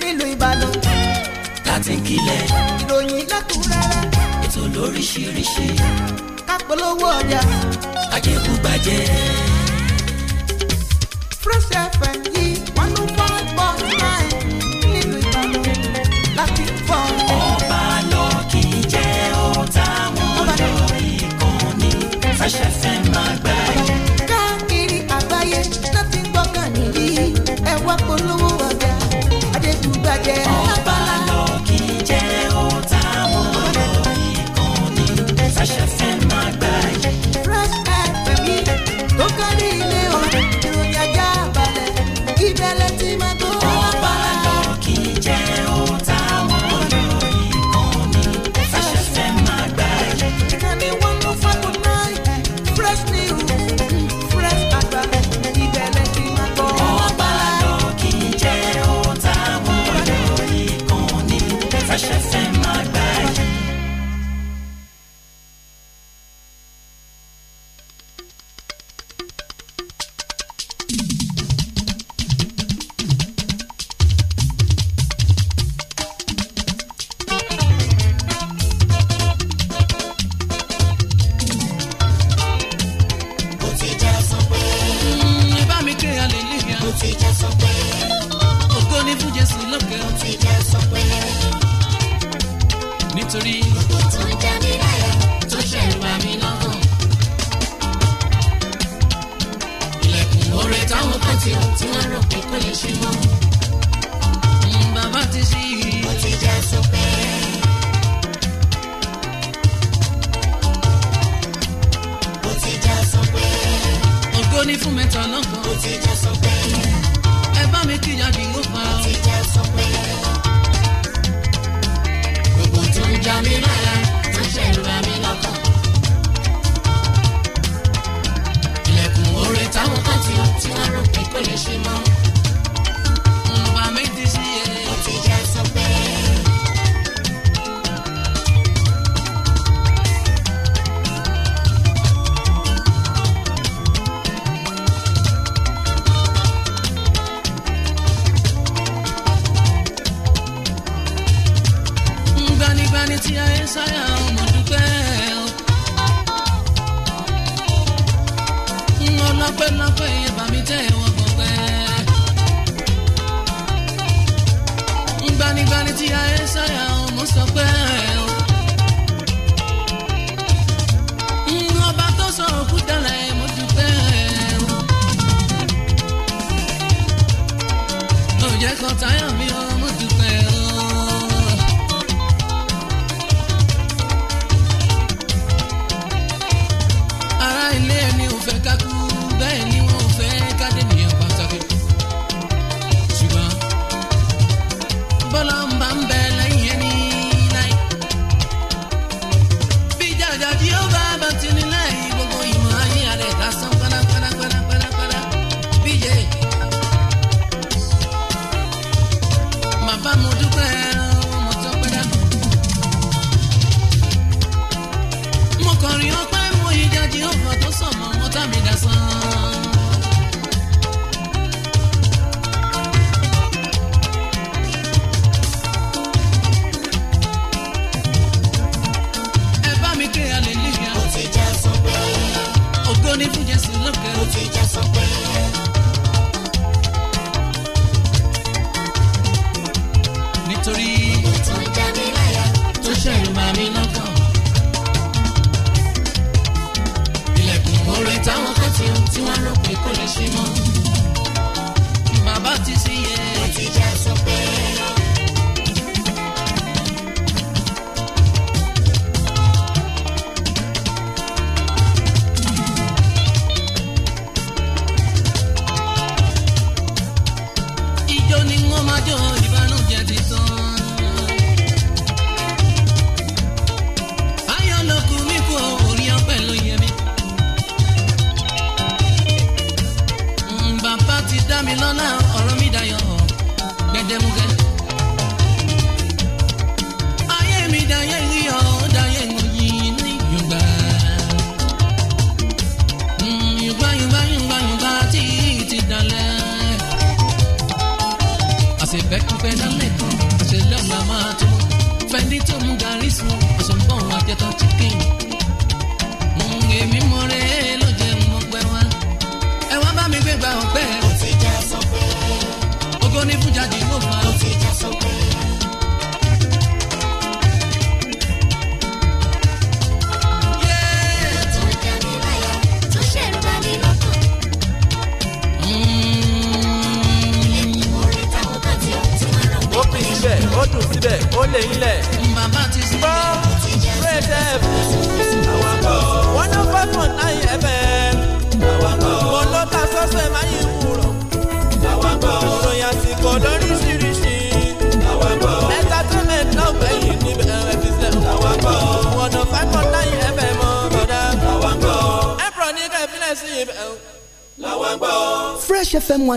Nílùú Ìbàdàn. Láti kílẹ̀. Ìròyìn lẹ́kùnrẹ́rẹ́. Ètò lóríṣiríṣi. Kápolówó ọjà. Ajẹ́kúgbàjẹ́. Fresh FM yìí one oh five point nine nílùú Ìbàdàn láti fọ́. Ọba lọ kì í jẹ́ ọ̀tá wọn lọ ìkànnì Fresh FM.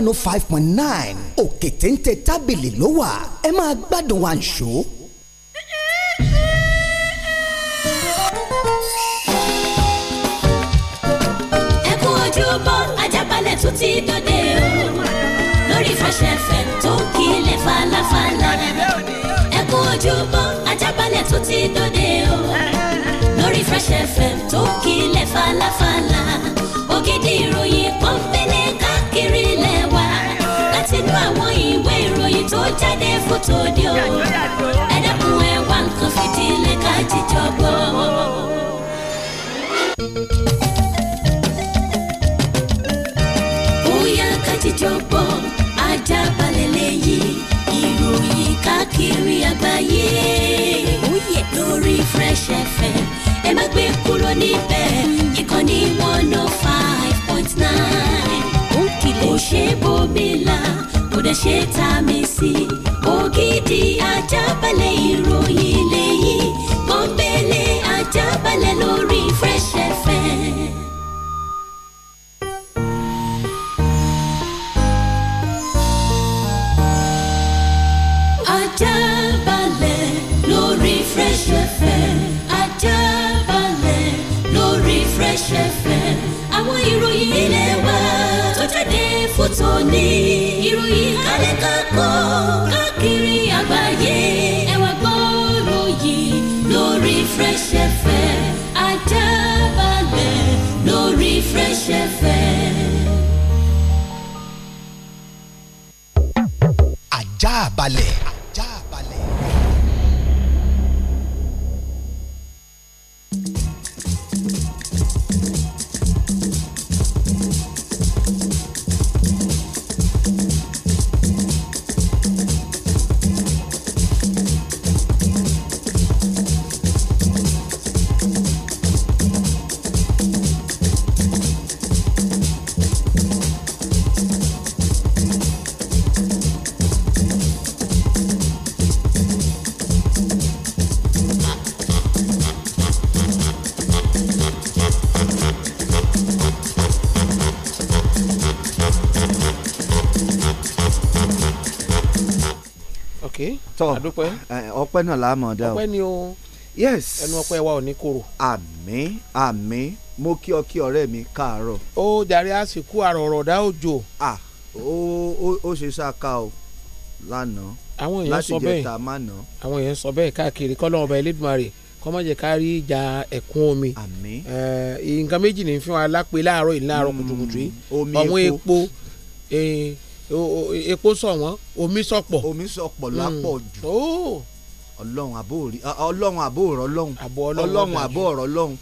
one oh five point nine òkè téńté tábìlì ló wà ẹ máa gbádùn wa àjíjọgbọ́. bóyá kájíjọgbọ́ ajá balẹ̀ lẹ́yìn ìròyìn káàkiri àgbáyé lórí Fresh FM ẹ má gbé one oh five point nine kò ṣe bòmílà kò dẹ̀ ṣe tá a mi ògidì ajábalẹ̀ ìròyìn fẹlẹ̀ lórí Fresh FM. ajá balẹ̀ lórí Fresh FM. ajá balẹ̀ lórí Fresh FM. àwọn ìròyìn ilé wa tó jáde fún tòní. ìròyìn kálẹ̀ kákọ́ káàkiri àgbáyé. ẹ wá gbọ́rọ̀ Fresh FM. Ajaabale lórí Fresh FM. Ajaabale. àdúpẹ́. ọpẹ́ náà la mọ̀ dá o ọpẹ́ ni o. yes ẹnu ọpẹ́ wa ò ní korò. àmín àmín mo kí ọ kí ọ̀rẹ́ mi káàárọ̀. ó jàre àsìkò àròrò dá òjò. à ó ó ṣe ṣáka o lánàá àwọn èèyàn sọ bẹ́ẹ̀ àwọn èèyàn sọ bẹ́ẹ̀ káàkiri kọ́ lọ́wọ́ ọba Elédùmarè kọ́ má jẹ́ ká rí ìjà ẹ̀kún omi nǹkan méjì ní fi wọn alápè láàárọ̀ yìí mm, kùtùkùtù yìí ọmọ epo eh, epo sọ̀wọ́n omi sọ̀pọ̀. omi sọ̀pọ̀ hmm. lápọ̀ jù ọlọ́run àbò rí ọlọ́run àbò ọ̀rọ̀ ọlọ́run ọlọ́run àbò ọ̀rọ̀ ọlọ́run.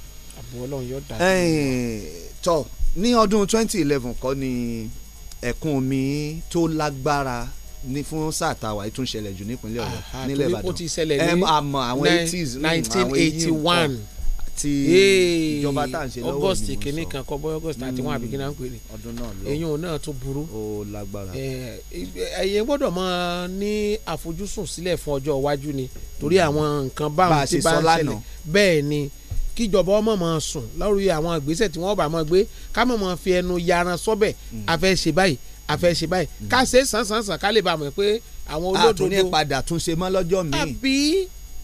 àbò ọlọ́run yóò dájú. tọ ní ọdún twenty eleven kọ́ ni ẹ̀kún omi tó lágbára ní fún sáà tàwa ìtúnṣẹlẹ̀ jù nípínlẹ̀ ọ̀yọ́ nílẹ̀ ìbàdàn àmọ́ àwọn eighties hmm, nineteen eighty one ti ìjọba tá à ń ṣe lọ́wọ́ August kìíní kan kọ́ bọ́ August thirty one àbí kí náà ń pè ní ọdún náà lọ èyí òun náà tún burú ó lágbára ẹ̀yẹ gbọ́dọ̀ máa ní àfojúsùn sílẹ̀ fún ọjọ́ iwájú ni torí hmm. àwọn nǹkan báwọn ti bá ń ṣẹlẹ̀ bẹ́ẹ̀ ni kíjọba ọmọ mọ sùn lórí àwọn ìgbésẹ̀ tí wọ́n bá mọ gbé ká mọ̀ mọ̀ fi ẹnu yaran sọ́bẹ̀ hmm. afẹ́ ṣe báyìí afẹ́ ṣe báyìí hmm. ká ṣe sàn sàn sàn ká lè bá mọ̀ pé àwọn olódodo àtúnṣe padà túnṣe mọ́ lọ́jọ́ míì àbí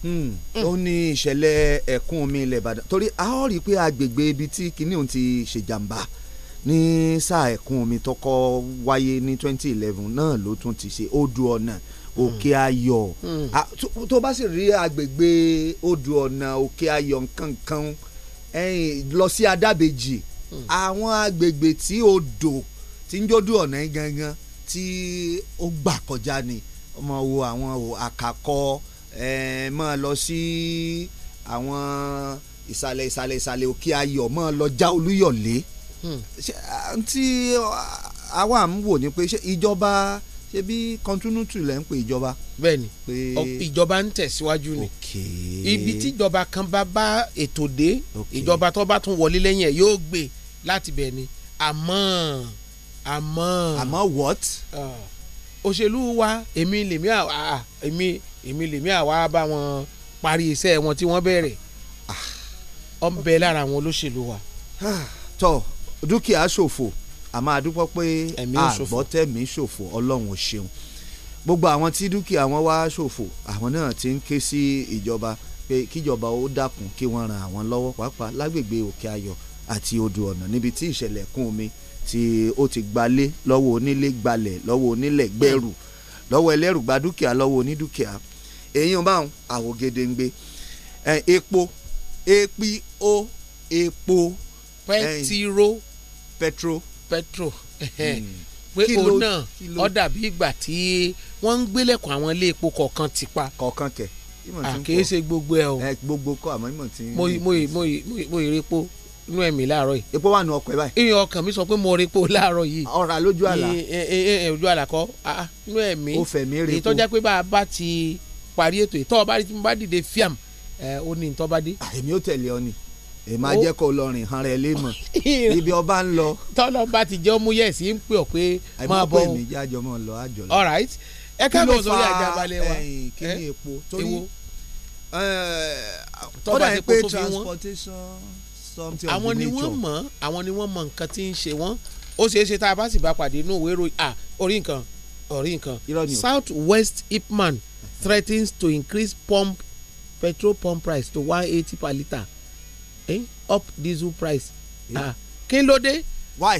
Hmm. Hmm. ó ní ìṣẹ̀lẹ̀ ẹ̀kún omi ilẹ̀ Ìbàdàn torí a ó rí i pé agbègbè ibi tí kinní òun ti ṣèjàmbá ní sáà ẹ̀kún omi tó wáyé ní twenty eleven náà ló tún ti ṣe odò ọ̀nà hmm. òkè ayọ̀ tó bá sì rí agbègbè odu ọ̀nà òkè ayọ̀ nkankan lọ sí adábèjì àwọn agbègbè tí odò tí ń jódú ọ̀nà gangan tí ó gbà kọjá ni ọmọ wo àwọn àkàkọ́ máa lọ sí àwọn ìsàlẹ̀ ìsàlẹ̀ ìsàlẹ̀ òkè ayọ̀ máa lọ já olúyọ̀lé hmm. tí àwa ń wò ni pé ìjọba ṣe bí kọ́ńtúnútù lẹ́ ń pè ìjọba. bẹ́ẹ̀ni ìjọba ń tẹ̀síwájú ni ibi tíjọba kan bá bá ètò dé ìjọba tó bá tún wọlé lẹ́yìn ẹ̀ yóò gbé láti bẹ̀ ni àmọ́ àmọ́. àmọ́ what. òṣèlú wa èmi lèmi àà èmi èmi lèmi àwa bá wọn parí iṣẹ́ wọn tí wọ́n bẹ̀rẹ̀ ọ̀ ah, ń bẹ lára àwọn olóṣèlú wa. Ah, tọ dúkìá ṣòfò àmọ́ àdúpọ̀ pé àgbọ̀tẹ̀mí ṣòfò ọlọ́run ṣeun gbogbo àwọn tí dúkìá wọn wá ṣòfò àwọn náà ti ń ké sí ìjọba pé kíjọba ó dákun kí wọ́n ran àwọn lọ́wọ́ pàápàá lágbègbè òkè ayọ̀ àti odò ọ̀nà níbi tí ìṣẹ̀lẹ̀ kún omi tí ó ti gbalé lọ́wọ́ onílé gbalẹ̀ lọ́wọ́ onílẹ̀ gbẹ́rù. Mm lọ́wọ́ ẹlẹ́rù gba dúkìá lọ́wọ́ onídúkìá èyàn bá wọn àwò gédéǹgbé epo epi o epo pẹtiró petro petro hmm. pé òun náà ó dàbí ìgbà tí wọ́n ń gbélẹ̀kùn àwọn ilé epo kọ̀ọ̀kan ti pa. kọ̀ọ̀kan kẹ̀ àkèéṣe gbogbo ẹ o. gbogbo kọ àmọ́ ìmọ̀ tí. mo yìí mo yìí mo yìí mo yìí repo nú ẹ̀mí láàárọ̀ yìí. epo wà nù ọkọ̀ ẹ̀ báyìí. iyan ọkàn mi sọ pé mo rí epo láàárọ̀ yìí. ọ̀rà lójú àlà. ojú àlà kọ́ ah, ah, nú ẹ̀mí. o fẹ̀mí rẹ po. ìtọ́jà pé bá a bá ti parí ètò ìtọ́ ọba tí mo bá dìde fíàm ó ní ìtọ́ bá dé. Ah, èmi ò tẹ̀lé ọ ni èmi á jẹ́ kó o lọ rìn hàn rẹ léèmọ̀ ibi ọba ń lọ. tọ́lọ́ bá ti jẹ́ ọmú yẹ̀sí ń pè ọ́ pé máa bọ̀ ọ́. all right ẹ káàbọ̀ sórí àjàbalẹ̀ wa kí ni epo torí tọ́ba ti kó tó fi something àwọn ni wọ́n mọ̀ àwọn ni wọ́n mọ̀ nǹkan tí ń ṣe wọ́n ó ṣeé ṣe tá a bá sì bá pàdé inú òwe ròyìn ah orí nǹkan orí nǹkan South West Ipman threatens to increase pump petrol pump price to one eighty per litre eh? up diesel price ah kí ló dé. why.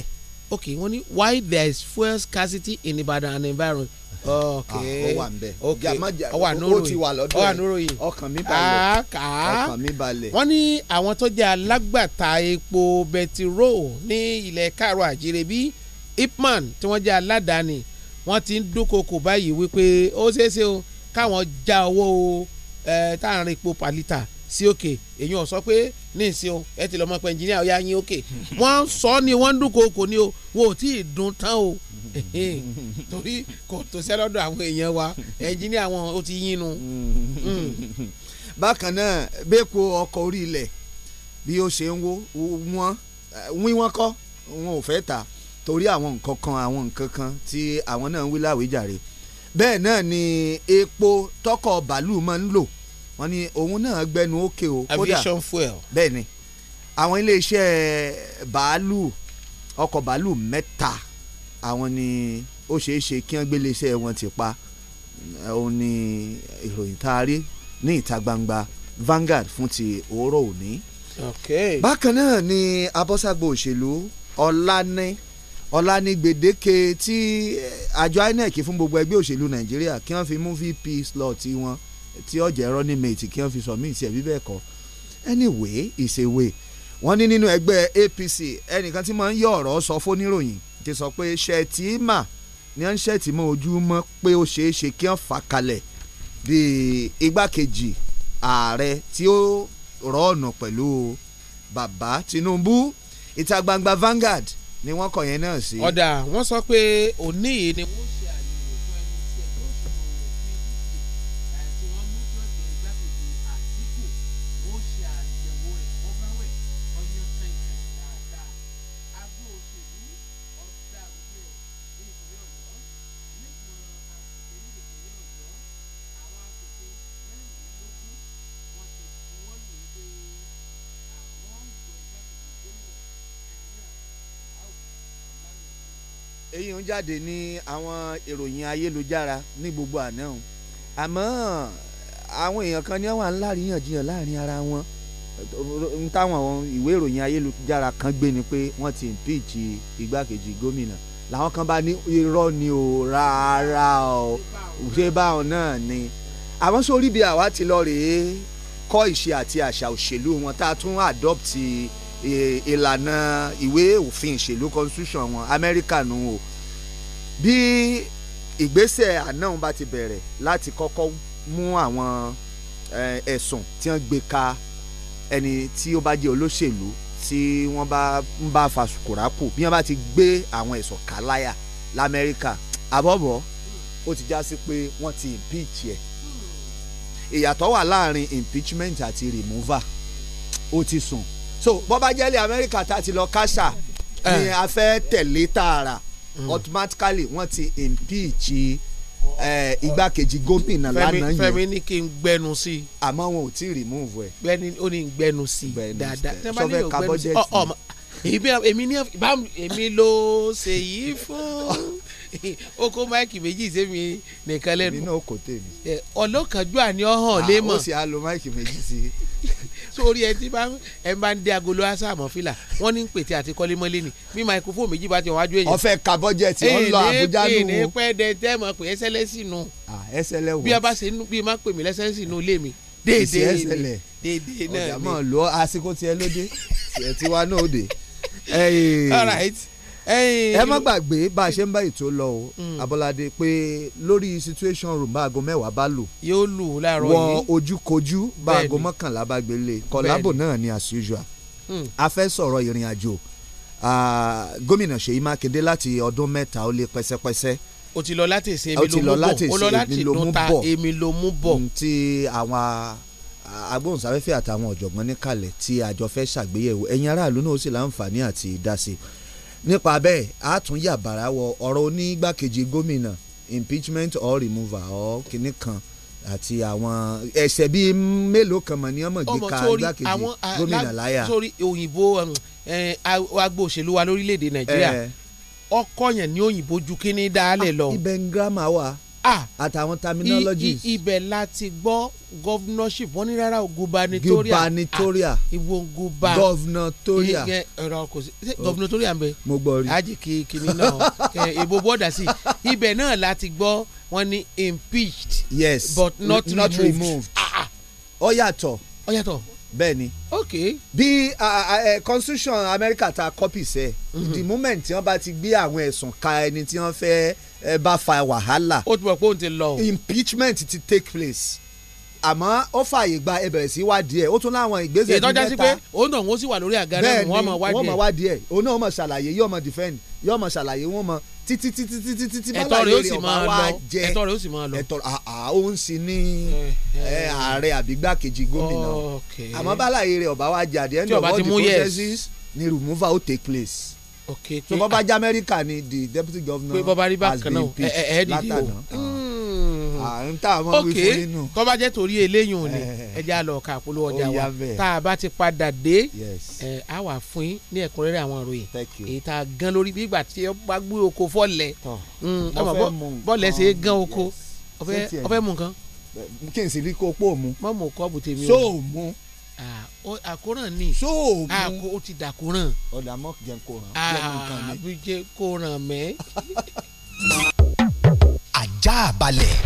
okay wọ́n ní why there is fuel scarcity in Ibadan and environment Ah, ó wà nbẹ ọwà nóròyìn ọkàn mi balẹ̀ ọkàn mi balẹ̀. wọ́n ní àwọn tó jẹ́ alágbàtà epo bẹtiró ní ilẹ̀ káàrọ̀ àjíire bíi ipman tí wọ́n jẹ́ aládàáni wọ́n ti ń dúnkokò báyìí wípé ó ṣeéṣe o káwọn já owó tá à ń rin epo pàlítà sí òkè èyí ò sọ pé ní ìsìn o ẹ ti lọ́mọ pé ẹnjìníà ó yá yín òkè wọ́n sọ ni wọ́n ń dúnkokò ni o wọn ò tí ì dùn tán o. Okay torí kò tó sẹ́ lọ́dọ̀ àwọn èèyàn wa ẹnjìníà wọn ó ti yín nu. bákan náà bẹ́ẹ̀kọ́ ọkọ̀ orí ilẹ̀ bí ó ṣe ń wo wọn wíwọ́n kọ́ wọn ò fẹ́ ta torí àwọn nǹkan kan àwọn nǹkan kan tí àwọn náà ń wí láwíjàre bẹ́ẹ̀ náà ni epo tọkọ̀ bàálù máa ń lò wọ́n ní òun náà gbẹnu òkè o kódà aviation fuel bẹ́ẹ̀ ni àwọn iléeṣẹ́ bàálù ọkọ̀ bàálù mẹ́ta àwọn ni ó ṣeé ṣe kí wọ́n gbélé iṣẹ́ wọn ti pa òun ni ìròyìn tá a rí ní ìta gbangba Vanguard fún ti òórọ̀ òní. bákan náà ni abọ́sàgbò òṣèlú ọ̀làní ọ̀làní gbèdéke tí eh, àjọ INEC fún gbogbo ẹgbẹ́ òṣèlú Nàìjíríà kí wọ́n fi mú VP slot tiwọn tí ọ̀jẹ̀ running mate kí wọ́n fi sọ míì sí ẹ̀ bíbẹ̀ kọ́ anyway ìṣèwé wọ́n ní nínú ẹgbẹ́ APC ẹnìkan tí máa ń yọ ọ̀rọ̀ sọ fóníròyìn ti sọ pé ṣètìmà ni wọ́n ń ṣètìmọ̀ ojúmọ́ pé ó ṣeé ṣe kí wọ́n fà kalẹ̀ bíi igbákejì ààrẹ tí ó rọ ọ̀nà pẹ̀lú bàbá Tinubu ìta gbangba Vanguard ni wọ́n kọ̀ yẹn náà sí. ọ̀dà wọ́n sọ pé òní yìí ni wọ́n ń jáde ní àwọn ìròyìn ayélujára ní gbogbo àná o àmọ́ àwọn èèyàn kan ní wọ́n wà ń láàríyànjiyàn láàrin ara wọn n táwọn ìwé ìròyìn ayélujára kan gbé ni pé wọ́n ti impeach igbákejì gómìnà làwọn kan bá ní irọ́ ni o rárá o ṣé báwọn náà ni àwọn sórí bíi àwa ti lọ rèé kọ́ ìṣe àti àṣà òṣèlú wọn tá a tún adopt eh, ìlànà ìwé òfin ìṣèlú constitution wọn amẹ́ríkà nù o bí ìgbésẹ̀ àná òun bá ti bẹ̀rẹ̀ láti kọ́kọ́ mú àwọn ẹ̀sùn tí wọ́n gbé ka ẹni tí ó bá jẹ́ olóṣèlú tí wọ́n bá ń bá fasukùràpù bí wọ́n bá ti gbé àwọn ẹ̀sùn kàláyà lamẹ́ríkà àbọ̀bọ̀ ó ti já sí pé wọ́n ti impeach ẹ̀ ìyàtọ̀ wà láàrin impeachment àti removal ó ti sùn so bọ́ bá jẹ́lé amẹ́ríkà tá a ti lọ káṣà ni a fẹ́ tẹ̀lé tààrà Mm. automatically wọ́n ti impeach eh, igbákejì gómìnà lánàá yẹn Fẹ́mi ní kí n gbẹnu sí i. àmọ́ wọn ò tí ì rìmúùvù ẹ. gbẹni ó ní gbẹnu sí i dáadáa sọfẹ kábọjẹtì èmi ló ṣèyí fún. ó kó máìkì méjì sẹ́mi nìkan lẹ́nu. èmi náà tèmi. ọlọ́kànjúà ni ọ hàn ah, lé mọ̀. ó sì á lo máìkì méjì sí i. sórí ẹ tí ẹ bá ń dé agolo asáàmọ́ fìlà wọ́n ní pètè àti kọ́lémọ́lé ni bí microphone méjì bá ti wájú èyí. ọ̀fẹ́ ka bọ́jẹ̀tì ọ̀ lọ Àbújá nù. èyí ni pẹ́ dẹ tẹ́ mọ̀ pé ẹsẹ̀lẹ́sì nù. ẹsẹ̀lẹ́ bí a bá ṣe bí má pè mí lẹ́sẹ̀lẹ́sì nù lé mi déédéé ẹsẹlẹ déédéé náà ni ọjà mọ lọ ẹ má gbàgbé bá a ṣe ń bá ètò lọ o mm. Abọ́ládé pé lórí situation room bá aago mẹ́wàá bá lù yóò lù láàárọ̀ yìí wọ ojúkojú bá aago mọ́kànlá bá gbélé kọ̀lábò náà ni as usual mm. a fẹ́ sọ̀rọ̀ ìrìn àjò gómìnà Ṣèyí Mákindé láti ọdún mẹ́ta ó lé pẹ́sẹ́pẹ́sẹ́ o ti lọ láti ṣe èmi ló mú bọ̀ èmi ló mú bọ̀ ti àwọn agbóhùnsáfẹ́fẹ́ àtàwọn ọ̀jọ̀gbọ́n níkàlẹ̀ tí àjọ fẹ́ ṣàgbéyẹ̀wò ẹ̀yin aráàlú náà ó sì láǹfààní àti dá sí i nípa bẹ́ẹ̀ a tún yà bàrà wọ ọ̀rọ̀ onígbàkejì gómìnà impeachment or removal or kìnnì kan àti àwọn ẹsẹ̀ bíi mélòó kan mọ̀ ní ọmọ gbé ka igbákejì gómìnà láyà. sórí òyìnbó um, agbo òṣèlú wa lórílẹ̀‐èdè nàìjíríà ọkọ̀ yẹn ní òyìnbó ju kíní dálẹ̀ lọ. ibẹ̀ ń gírámà wà. Ah, àtàwọn terminologies. ibẹ̀ la ti gbọ́ governorship wọ́n ní rárá o gubernatorial ah, gubernatorial ibo guba governatorial ìyẹn ọ̀rọ̀ kò sí governatorial mbẹ. mo gbọ́ rí ajì kì í kìíní náà ebo bọ́dà sí ibẹ̀ náà la ti gbọ́ wọ́n ní impeached. yes but not, not removed. removed. Ah, ó yàtọ̀. ó yàtọ̀ bẹ́ẹ̀ ni. ok. bí constitution America ta copy sẹ́ mhm. the moment tí wọ́n bá ti gbé àwọn ẹ̀sùn ka ẹni tí wọ́n fẹ́ẹ́ ẹ bá fa wàhálà. ó ti mọ̀ pé òun ti lọ. impeachment ti take place àmọ́ ó fààyè gba ẹbẹ̀rẹ̀ sí wádìí ẹ̀ ó tún láwọn ìgbésẹ̀ bíi mẹ́ta. ìtọ́jà sí pé òun náà wọ́n sì wà lórí àga rẹ̀ wọ́n mọ̀ wádìí ẹ̀. wọ́n mọ̀ wádìí ẹ̀ òun náà mọ̀ ṣàlàyé yóò mọ̀ defend yóò mọ̀ ṣàlàyé wọ́n mọ̀ títí títí títí títí bá láyé rẹ̀ ọ̀ma wá jẹ́ ẹ̀tọ́ rẹ̀ ó sì máa lọ. ẹ̀tọ́ òun sì ní ààrẹ àbígbà kejì gómìnà àmọ́ bá láyé rẹ̀ ọ̀bá removal take place Okay. so bọ́bá jẹ́ amẹ́ríkà ni the deputy governor has been rí bákan náà ẹ ẹ dìde o n ta mọ wí fún inú ok tọ́ba jẹ́ torí eléyìí ò eh. ẹjẹ́ àlọ́ ọ̀ka àpolówó ọjà wa tá a bá ti padà dé ẹ wà fún yín ní ẹ̀kúnrẹ́rẹ́ àwọn ìròyìn èyí tá a gan lórí bí ìgbà tí ọba gbé oko fọ́lẹ̀ hmm, ọmọ bọ́ọ̀lẹ̀ ṣe é gan oko ọfẹ́ mu nǹkan. kí n sì rí kó pò mu. mọ́ mú kọ́ọ̀bù tèmi o. so mu. So, àkóràn ni sóògùn ó ti dà kóràn. ọ̀dà mọ́ jẹun kóràn jẹun nǹkan mi. àbí jẹ kóràn mẹ́. ajá balẹ̀.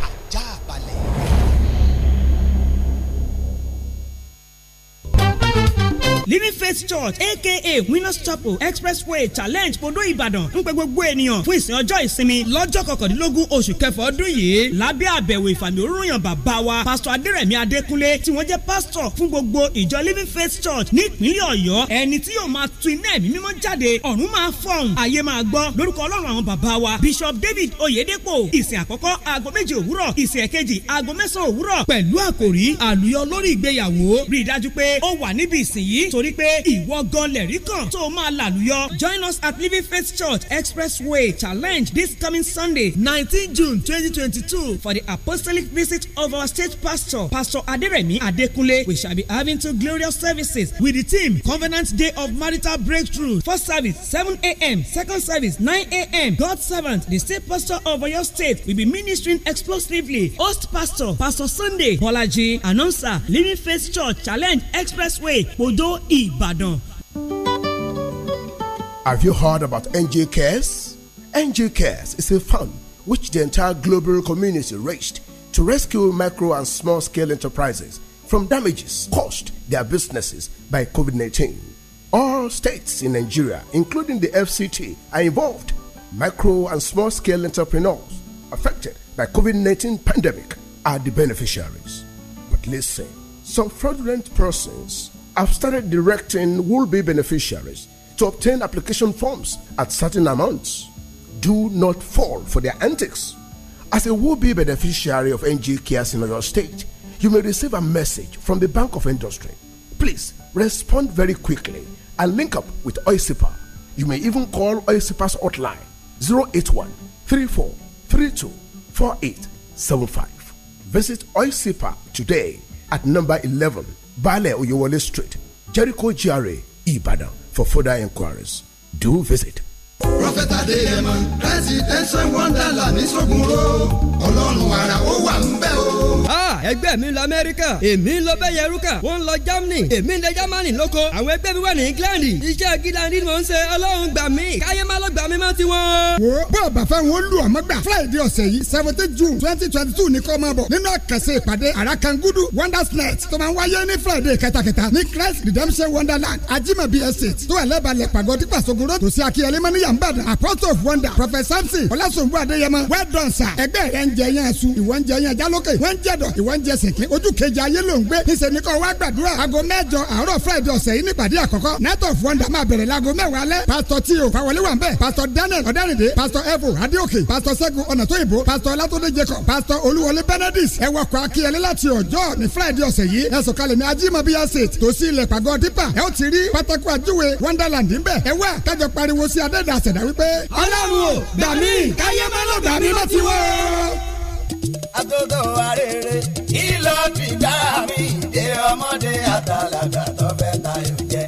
living faith church aka winners chapel expressway challenge podo ìbàdàn ń pe gbogbo ènìyàn fún ìsìn ọjọ́ ìsinmi lọ́jọ́ kọkàndínlógún oṣù kẹfà ọdún yìí lábẹ́ àbẹ̀wò ìfàmì orúyàn bàbá wa pásítọ̀ adérẹ̀mí adékúnlé tí wọ́n jẹ́ pásítọ̀ fún gbogbo ìjọ living faith church nípínlẹ̀ ọ̀yọ́ ẹni tí yóò máa tu iná ẹ̀mí mímọ́ jáde ọ̀run máa fọ̀hún ayé máa gbọ́ lórúkọ ọlọ́run àwọn bàbá wa bishop david oyedepo ìsìn àkọ́kọ́ aago méje òwúrọ̀ ìsìn ẹ̀kejì aago mẹ́sàn-án òwúrọ̀ pẹ̀lú àkòrí àlùyọ lórí ìgbéyàwó rí i dájú pé ó wà níbi ìsìn yìí nítorí pé ìwọ gan lẹ̀rí kan tó máa làlùyọ. Join us at Living Faith Church Expressway Challenge this coming Sunday nineteen June twenty twenty two for the apostolic visit of our state pastor Pastor Aderemi Adekunle. We shall be having two glorious services with the team. Covenant Day of Marital Breakthrough. First service seven a.m. Second service nine a.m. God's servant the state pastor of Oyo State will be ministering explosively. Host pastor Pastor Sunday Bolaji announcer Living Faith Church Challenge Expressway Podo Ibadan. Have you heard about NJ Cares? NJ Cares is a fund which the entire global community raised to rescue micro and small scale enterprises from damages caused their businesses by COVID 19. All states in Nigeria, including the FCT, are involved. Micro and small scale entrepreneurs affected by COVID 19 pandemic are the beneficiaries. But listen, some fraudulent persons have started directing will be beneficiaries to obtain application forms at certain amounts. Do not fall for their antics. As a will be beneficiary of NG in your state, you may receive a message from the Bank of Industry. Please respond very quickly and link up with OISIPA. You may even call OISIPA's hotline 081 34 32 Visit OISIPA today at number 11 Bale Oyewole Street, Jericho GRA, Ibadan. For further inquiries, do visit. Prophet Adeyemo, Presidential Wonderland ní Sọ́gun ẹgbẹ́ mi lọ amẹ́ríkà èmi lọ bẹ́ yẹrúkà wọ́n lọ germany èmi lọ germany lóko àwọn ẹgbẹ́ mi wà ní england iṣẹ́ gíláńdì ni mò ń ṣe ọlọ́run gbà mí káyé má lọ gbà mí mọ́ tiwọn. wo bọ́ọ̀ bàfẹ́ wọn lù ọmọ gbà friday ọ̀sẹ̀ yìí seventeen june twenty twenty two ní kọ́ máa bọ̀ nínú àkànṣe ìpàdé àràkàngúdù wondersnet tó máa ń wáyé ní friday kẹtàkẹtà ní christ redemption wonderland ajimabi estate tó ẹlẹ́balẹ̀ pàgọ́dí of wonder prophet samson ọlásùnbù adéyẹmọ well done sir ẹgbẹ́ rẹ̀ ń jẹ yẹn asu ìwọ ń jẹ yẹn jálókè wọ́n ń jẹsìnkì ojú kejì ayé ló ń gbé níṣẹ́ ni kò wá gbàdúrà aago mẹ́jọ àárọ̀ friday ọ̀sẹ̀ yìí nípàdé àkọ́kọ́ night of wonder máa bẹ̀rẹ̀ láago mẹ́wàá alẹ́ Pastor tio fàwọlé wà ń bẹ̀ pásítọ̀ daniel ọ̀dẹ́rìndé Pastor evo Adioke, Pastor ṣẹ́gun ọ̀nàtóyìnbó Pastor ọlátúndé jacob pásítọ̀ olúwọlé benedict ẹ wọkọ̀ akíyẹlé láti ọjọ́ ní friday ọ̀sẹ̀ yìí ẹ sọ̀kalẹ̀ ní ajímọ̀bíyà state tòsí ilẹ̀ pàgọ́ dípà ẹ ó ti rí wonderland ń bẹ̀ ẹ wá kájọ pariwo sí adẹ́dàá ṣẹ̀dá wípé. ọlọ́run ò gbà àtòdò arére kí ló fi gbá mi dé ọmọdé àtàlàgbà tó fẹ́ jẹ.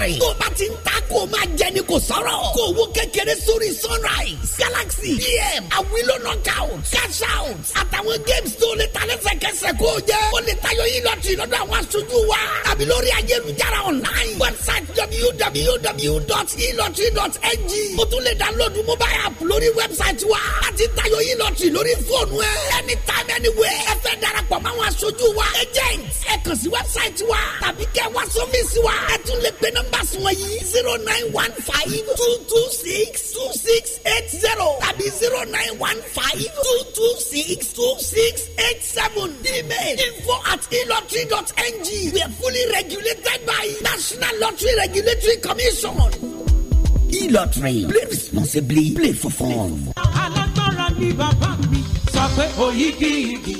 sunshine. tó bá ti ń ta kó o máa jẹ ni kò sọ̀rọ̀. kó owó kékeré sórí sunrise galaxy pm awilo knockout cash out àtàwọn games tó o lè ta lẹ́sẹ̀kẹsẹ̀ kó o jẹ́. o lè tayọ yín lọ́tì lọ́dọ̀ àwọn aṣojú wa. tàbí lórí ayélujára online website www.elotry.ng. o tún lè download mobile app lórí website wa. láti tayọ yín lọ́tì lórí fóònù ẹ. anytime anywhere ẹ fẹ́ darapọ̀ mọ́ àwọn aṣojú wa. agent ẹ kàn sí website wa tàbí kẹ́ wá sọ́fíìsì wa. ẹ tún lè pe nọ́mbà nọ́mbàs wọ̀nyí zero nine one five two two six two six eight zero tàbí zero nine one five two two six two six eight seven email info at elotry dot ng we are fully regulated by national lottery regulatory commission. elotry play responsibly play for fun. alágbára ni bàbá mi pé òyì gígì.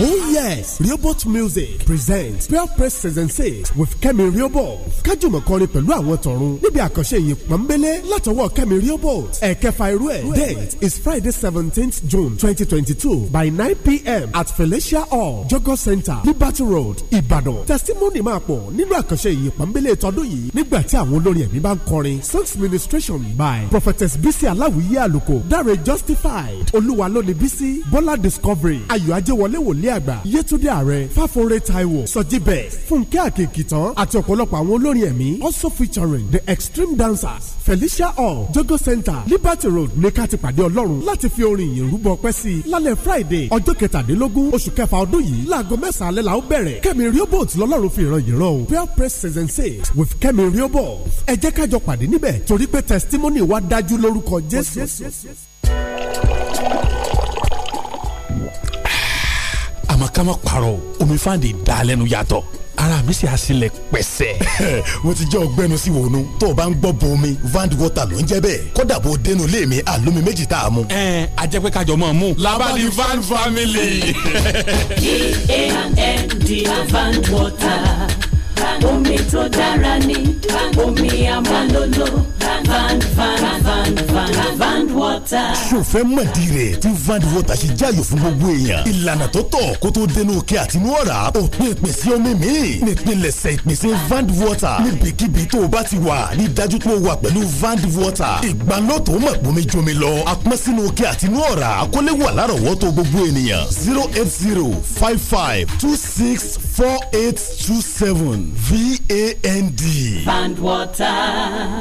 Oh yes, Robot Music presents Prayer Press Season 6 with Kemi Robot. Kájùmọ̀ kọrin pẹ̀lú àwọn tọ̀run níbi àkànṣe ìyìn pọ̀nbélé látọwọ́ Kemi Robot. Ẹ̀kẹfà irú ẹ̀. Date is Friday seventeenth June twenty twenty two by nine pm at Felicia Hall, Jogo Center, Liberty Road, Ìbàdàn. Testimony máa pọ̀ nínú àkànṣe ìyìn pọ̀nbélé tọdún yìí nígbà tí àwọn olórin ẹ̀mí bá ń kọrin. Songs ministration by Prophetess Bisi Aláwìyé Àlùkò, Dare Justified, Olúwa lóni Bisi, Bọ́lá Bọ́lá Discovery Ayọ̀ Ajẹ́wọlé wòlé àgbà Yétúndé Ààrẹ Fáforé Taiwo Sọjí Best Fúnkẹ́ Akínkìtàn àti ọ̀pọ̀lọpọ̀ àwọn olórin ẹ̀mí also featuring the extreme dancers Felicia Hall Jogo Center Liberty Road ní ká ti pàdé Ọlọ́run láti fi orin ìyìn rúbọ pẹ́ sí i lálẹ́ Friday ọjọ́ kẹtàdínlógún oṣù kẹfà ọdún yìí láago mẹ́sàn-án alẹ́ la ó bẹ̀rẹ̀ Kẹ́mi Riobot lọ́lọ́run fi ìran yìí rán o prayer Press season six with Kẹ́mi Riobot ẹ jẹ́ kájọ pàdé níbẹ̀ torí pé testimony wa dájú lórúkọ Jésù. àmọ́ ká má parọ́ o omi fáǹdì ìdálẹ́nu yàtọ̀ ara mi sì á sílẹ̀ pẹ̀sẹ̀. mo ti jẹ́ ọgbẹ́nu sí wònú. tó o bá ń gbọ́ bo omi vand water ló ń jẹ́ bẹ́ẹ̀ kódà bó o dénú ilé mi àlómi méjì tá a mu. ẹ ẹ a jẹ́ pé kájọ máa mú. labadi van family. d a n d van water omi tó dára ni omi amalolo van van van van van water. sọfẹ́ mọ̀dí rẹ̀ tí van water ṣe jáyọ̀ fún gbogbo èèyàn ìlànà tó tọ́ kó tó dẹnu òkè àtinú ọ̀rá òpin ìpèsè omi míì nípìnlẹ̀sẹ̀ ìpèsè van water níbikíbi tó o bá ti wà ní dájú pé o wà pẹ̀lú van water ìgbàlótò mọ̀ pómi jomi lọ apọ́n sínú òkè àtinú ọ̀rá kólé wà lárọ̀wọ́tò gbogbo ènìyàn zero eight zero five five two six four eight two seven. V-A-N-D. Vand water.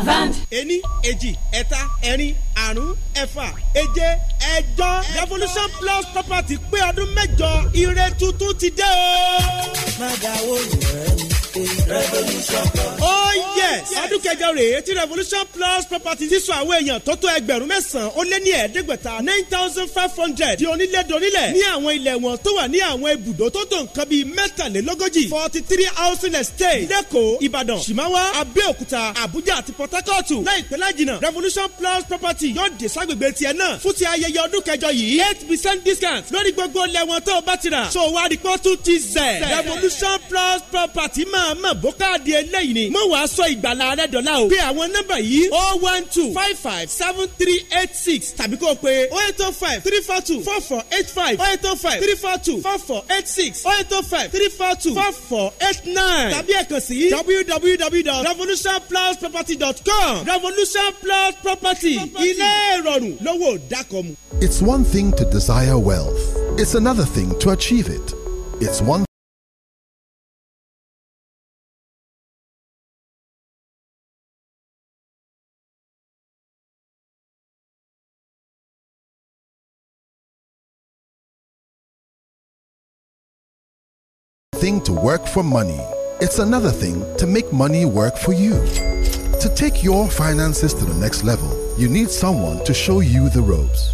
Vand. ení èjì ẹ̀ta ẹ̀rin àrún ẹ̀fà èje ẹ̀jọ revolution plus property pé ọdún mẹ́jọ ire tuntun ti dé o. má dáwọ́ ìrẹ́ revolution plus. ó oh yẹ ọdún kẹjọ rèé tí revolution plus property ti sọ àwọn èèyàn tó tó ẹgbẹ̀rún mẹ́sàn-án ó lé ní ẹ̀ẹ́dẹ́gbẹ̀ta nine thousand five hundred di onílẹ̀dọ́nílẹ̀ ní àwọn ilẹ̀ wọn tó wà ní àwọn ibùdó tó tó nǹkan bíi mẹ́tàlélógójì forty three housing estate lẹ́kọ̀ọ́ ìbàdàn ṣìmáwá abẹ́òkúta àbújá àti port harcourt láìpẹ́ lájìnà revolution plus property sì yóò dé ságbègbè tiẹ̀ náà fún ti ayẹyẹ ọdún kẹjọ yìí eight percent discount lórí gbogbo lẹ́wọ̀n tó o bá ti rà so wá rí pọ́tù ti zẹ̀ revolution plus property máa mọ̀ bó káàdì eléyìí ni mo wàá sọ ìgbàlá rẹ dọ̀la o pé àwọn nọ́mbà yìí oh one two five five seven three eight six tàbí kó o pe oh eight oh five three four two four four eight five oh eight oh five three four two four four eight six oh eight oh five three four two four four eight nine tàbí ẹ̀kan sí www.revolutionplusproperty.com revolution plus property ilé. It's one thing to desire wealth, it's another thing to achieve it. It's one thing to work for money. It's another thing to make money work for you. To take your finances to the next level, you need someone to show you the ropes.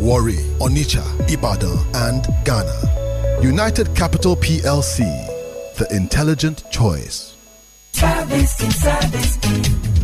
Warri, Onitsha, Ibadan, and Ghana. United Capital plc, the intelligent choice. Service King, service.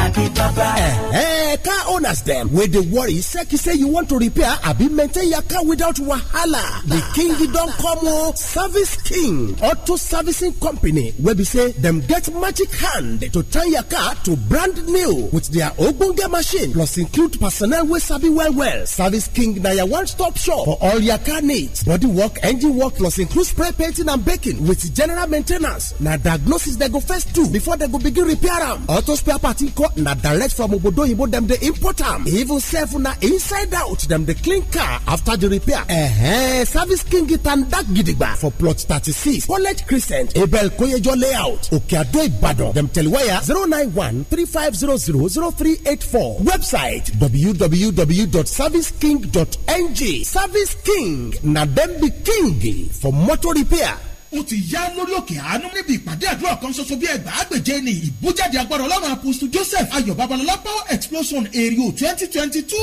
Eh? eh, car owners dem wey dey worry seki say you want to repair abi maintain your car without wahala. The ah. king don come o oh, service king auto servicing company wey be say dem get magic hand to turn your car to brand new with their ogbonge machine plus include personnel wey sabi well well. Service king na your one stop shop for all your car needs body work engine work plus include spray painting and baking with general main ten ance na diagnosis dem go first do before dem go begin repair am. Auto spare part nko na direct from obodo oyibo dem dey import am even sef na inside out dem dey clean car after the repair -huh. service king tanda gidigba for plot thirty-six college crescent abel koyejo layout okeado ibadan dem telewire zero nine one three five zero zero zero three eight four website www.serviceking.ng service king na dem be king for motor repair ó ti yá lórí òkè àánú níbi ìpàdé àdúrà kan ṣoṣo bí ẹgbà àgbèjẹ ni ìbújáde agbára ọlọ́run àpòsù joseph ayọ̀ babalọlá power explosion èrìò twenty twenty two.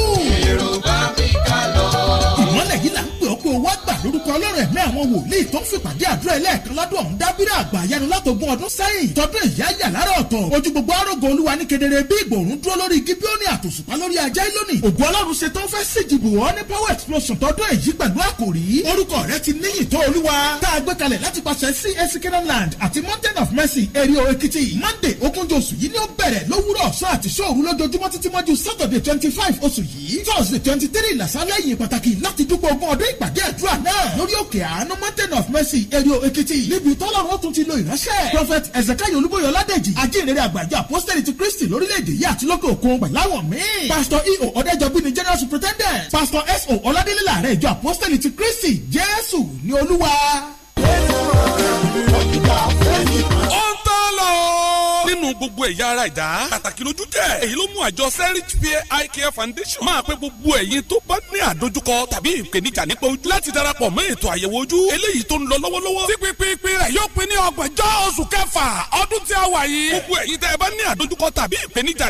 yorùbá mi ká lọ. ìmọ̀lẹ̀ yìí là ń pè ọ́ pé o wá gbà lórúkọ ọlọ́run ẹ̀mí àwọn wòlíì tó ń fìpàdé àdúrà ẹlẹ́ẹ̀kan ládùn ọ̀hún dábírà àgbà yanu látọ̀gbọ́n ọdún sẹ́yìn tọdún ìyáyà lára ojú gbogbo arógo a gbé kalẹ̀ láti pàṣẹ CAC Canaanland àti Mountain of Mercy Erio Ekiti Monday ogúnjọ́ oṣù yìí ni ó bẹ̀rẹ̀ lówùrọ̀ ọ̀sán àti ṣóòru lójoojúmọ́ títí mọ́jú Saturday twenty five oṣù yìí Thursday twenty three làṣálẹ̀ yìí pàtàkì láti dúpọ̀ ogún ọdún ìpàdé àdúrà náà lórí òkè àánú Mountain of Mercy Erio Ekiti níbi tọ́lọ́run ó tún ti lo ìránṣẹ́ Prophet Ezekiel Olúbóyè Ọládèjì ajínrere àgbàjọ apostoli ti Kristi lórílẹ̀‐èdè yìí àti lókè òkun pẹ̀láwọ̀ míì Pastor E.O. Ọ̀dẹ́jọbí ni general superintendent Pastor S.O. Ọládélé làárẹ̀ ìjọ apostoli ti Kristi Jésù ni Olúwa ọ̀gá fẹ́yìntà nínú gbogbo ẹ̀yà ara ìdá pàtàkì lójú jẹ́ èyí ló mú àjọ serich fair eye care máa pé gbogbo ẹ̀yin tó bá ní àdójúkọ tàbí ìpèníjà nípa ojú láti darapọ̀ mọ́ ètò àyẹ̀wò ojú eléyìí tó ń lọ lọ́wọ́lọ́wọ́ sí rẹ̀ yóò pín ní ọgbọ̀njọ́ oṣù kẹfà ọdún tí a wà yìí gbogbo ẹ̀yin tẹ́ ẹ bá ní àdójúkọ tàbí ìpèníjà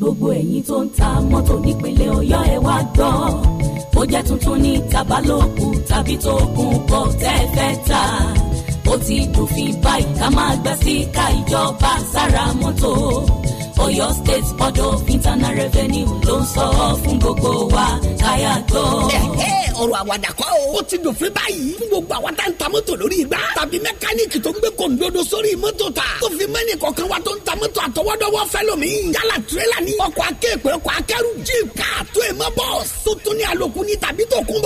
gbogbo ẹ̀yin tó ń ta mọ́tò nípínlẹ̀ ọ̀yọ́ ẹ wá gbọ́ ó jẹ́ tuntun ní tabalóku tàbí tó kún kọ́ tẹ́ fẹ́ ta ó ti dòfin báyìí ká máa gba síkà ìjọba sára mọ́tò. Oyo State Board of Internal Revenue ló ń sọ fún gbogbo wa káyà gbọ́. ẹ̀hẹ́ ọ̀rọ̀ àwàdà kọ́ o. ó ti dòfin báyìí fún gbogbo àwa tá ń ta mọ́tò lórí igbá. tàbí mẹkáníìkì tó ń gbé kòǹdodo sórí mọ́tò ta. tó fi mẹ́nì kọ̀ọ̀kan wa tó ń ta mọ́tò àtọwọ́dọ́wọ́ fẹ́ lómi. yálà tirẹ́là ni. ọkọ̀ akẹ́kọ̀ọ́ ọkọ̀ akẹ́rù jíìp ká tó èèmọ́ bọ̀. tó tún ní àlòkù ní tàbí tó kún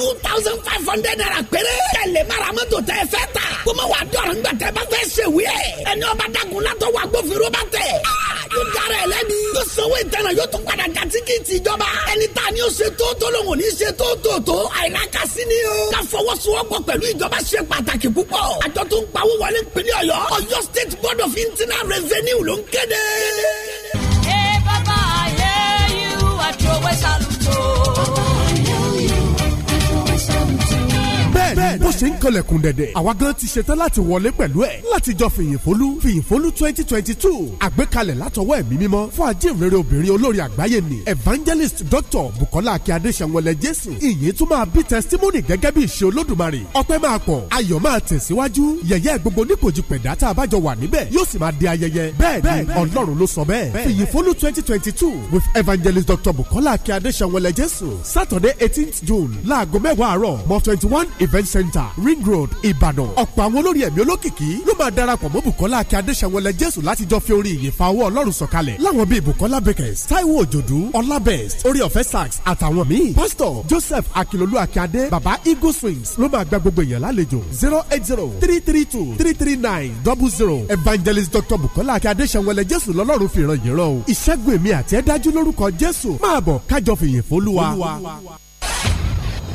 two thousand five hundred naira péré lè mara mọ́tò tẹ́ ẹ fẹ́ ta kó má wàá dọ̀rọ̀ ńgbà tẹ́ bá fẹ́ ṣèwé ẹ̀ ẹni ọba dagun látọ̀ wà gbófinró bá tẹ̀ ah, yóò dára ẹ lẹ́bi yóò sanwó ìtẹ̀nà yóò tún padà ga tíkìtì ìjọba ẹni tá a ní o ṣe tó tó lòun ò ṣe tó tó tó àìlákàsí ni o ká fọwọ́sowọ́pọ̀ pẹ̀lú ìjọba ṣe pàtàkì púpọ̀ àjọ tó ń pawó wọlé ìpínlẹ̀ ọ̀yọ́ ọ̀yọ́ state board of internal revenue ló ń kéde. ẹ bàbá ayé yìí wà tí owó ṣàlùtò. hundred bó ṣe ń kanlẹ̀kùn dẹ̀dẹ̀ àwa gan ti ṣetán láti wọlé pẹ̀lú ẹ̀ láti jọ fìyìnfolú fìyìnfolú twenty twenty two àgbékalẹ̀ látọwọ́ ẹ̀mí mímọ́ fún ajínrere obìnrin olórí àgbáyé ni evangelist doctor bukola akíade sanwó-ẹlẹ jésù ìyìn tún máa bí testimony gẹ́gẹ́ bí ìṣe olódùmarè ọpẹ́ máa pọ̀ ayọ̀ máa tẹ̀síwájú yẹ̀yẹ́ gbogbo nípòjì pẹ̀dá tá a bá jọ wà níbẹ̀ yóò sì máa di ayẹyẹ bẹ́ẹ̀ ni ọlọ́run ló sọ bẹ́ẹ̀ fìyìnfolú twenty twenty two with evangelist doctor bukola akíade sanwó-ẹlẹ jésù saturday eighteenth june láago mẹ́wàá àárọ̀ mọ́ twenty one events center ring road ìbàdàn ọ̀pọ̀ àwọn olórí ẹ̀mí olókìkí ló máa darapọ̀ mọ́ bukola akẹ́ adéṣẹ́wọlẹ̀ jésù láti jọ fi orin ìyè fa ọwọ́ ọlọ́run sọ̀kalẹ̀ láwọn bíi bukola bakers taiwo òjòdú ọlá best orí ọ̀fẹ́ sax àtàwọn míì pastor joseph akilolu akíade baba eagle swings ló máa gba gbogbo èèyàn lálejò zero eight zero three three two three three nine double zero evangelist Doctor bukola akẹ́ adéṣẹ́wọlẹ̀ jésù lọ́lọ́run fìràn yìí rán o ìṣẹ́gun èmi àti ẹ̀dájú lórúkọ jésù máa bọ̀ kájọ fìyìn fólúwa.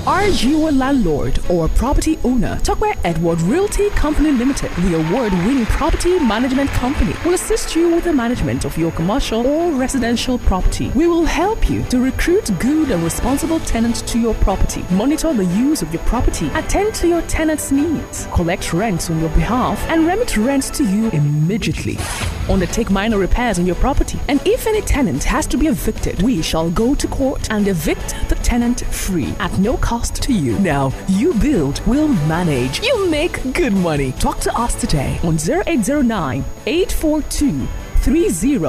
Are you a landlord or property owner? Tuckware Edward Realty Company Limited, the award winning property management company, will assist you with the management of your commercial or residential property. We will help you to recruit good and responsible tenants to your property, monitor the use of your property, attend to your tenants' needs, collect rents on your behalf, and remit rents to you immediately. Undertake minor repairs on your property, and if any tenant has to be evicted, we shall go to court and evict the tenant free at no cost cost to you. Now, you build, we'll manage, you make good money. Talk to us today on 0809 842 3000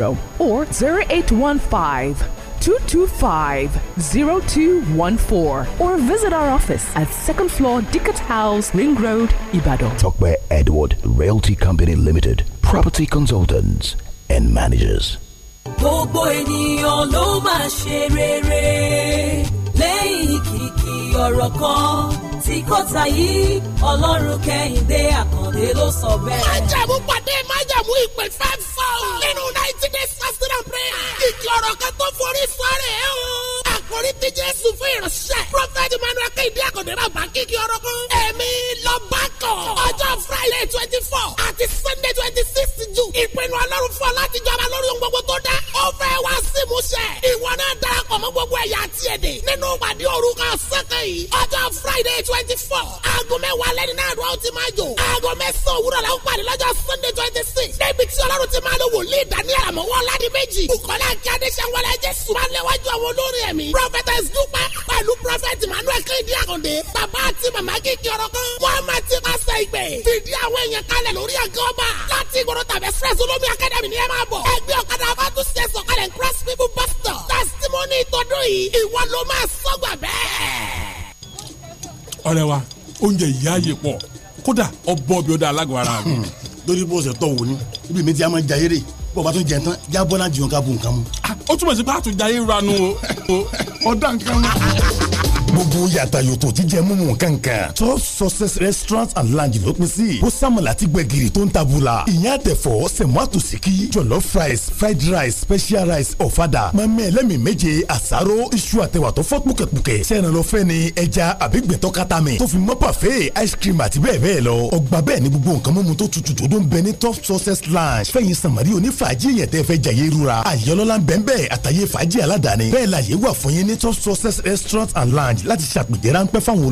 or 0815 225-0214 or visit our office at second floor Dickett House, Ring Road, Ibadan. Talk by Edward Realty Company Limited, property consultants and managers. lẹ́yìn kìkì ọ̀rọ̀ kan tí kò tayí ọlọ́run kẹ́hìndé àkàndé ló sọ bẹ́ẹ̀. májàmú pàdé májàmú ìpè fẹ́fọ́ nínú ninety days fasting and prayer kìkì ọ̀rọ̀ kan tó forí sọ́rẹ̀ ẹ́ o. àkòrí tí jésù fún ìránṣẹ́ prophet emmanuel kẹ́hìndé àkàndé náà bá kìkì ọ̀rọ̀ kan ẹ̀mí lọ́ọ́ bá kan. ọjọ́ friday twenty four àti sunday twenty six june ìpinnu ọlọ́run fún ọ láti jọba lórí ohun gbogbo tó dá. ó fẹ́ wá sí ìmúṣẹ. ìwọ náà darapọ̀ mọ́ gbogbo ẹ̀yà àti èdè nínú ìpàdé orúkọ sẹ́kẹ̀ yìí. ọjọ́ friday twenty four aago mẹ́wàá lẹ́ni náà ló ti máa jò. aago mẹ́sàn-án òwúrọ̀ la ó pàdé lọ́jọ́ sunday twenty six. níbi tí ọlọ́run ti máa lo wòlíì daniel àmọ́wọ́ ládì méjì. bukola kíadéṣẹ́wọlé jésù máa léwájú àwọn olórin ẹ̀mí. prophetess dúpẹ́ pẹ̀lú prophet emmanuel kéde àkàndé. bàbá àti màmá kíkì ọ̀rọ̀ kan. wọ́n máa ti p pásítọ̀ fìdí àwọn èèyàn kalẹ̀ lórí àgọ́ ọba láti ìgboro tàbí olómi akademi ni ẹ máa bọ̀ ẹgbẹ́ ọ̀kadà abátú ṣe sọ̀kalẹ̀ cross people pastor testimony yìí ìwọ ló máa sọ́gbà bẹ́ẹ̀. ọ̀rẹ́ wa oúnjẹ ìyá yìí pọ̀ kódà ọbọ̀ bí ó dá alágbó ara lórí hmm. bó ṣe tọ̀ ibi mi ti a máa jayé bó o tún jẹ tán já bọ́lá jùlọ ká ah, a o gbogbo yàtà yòtò jíjẹ mímu kankan top success restaurant and lounge ló pín sí kó sàmàlà ti gbẹ̀gìrì tó ń tabula ìyẹn àtẹ̀fọ́ sẹ̀mọ́ àtòsíkí jollof rice fried rice special rice ọ̀fadà mọ̀mí ẹlẹ́mìí méje àsáró iṣu àtẹwà tó fọ́ pùkẹ̀pùkẹ̀ sẹ́ran lọ fẹ́ ni ẹja àbí gbẹ̀tọ́ kata mi tó fi mọ́ pàfẹ́ ice cream àti bẹ́ẹ̀ bẹ́ẹ̀ lọ ọgbà bẹ́ẹ̀ ni gbogbo nǹkan mímu tó tutù tó dún bẹ ní top success lounge fẹ̀yìn sàmárì onífàájì yẹn tẹ́ fẹ́ jàyè rura àyọlọ́lá bẹ́ẹ̀ bẹ́ẹ̀ àtàyè fàájì aládàáni bẹ́ẹ̀ la yẹ wà fún yín ní top success restaurant and lounge láti ṣàpèjẹ ráńpẹ́ fáwọn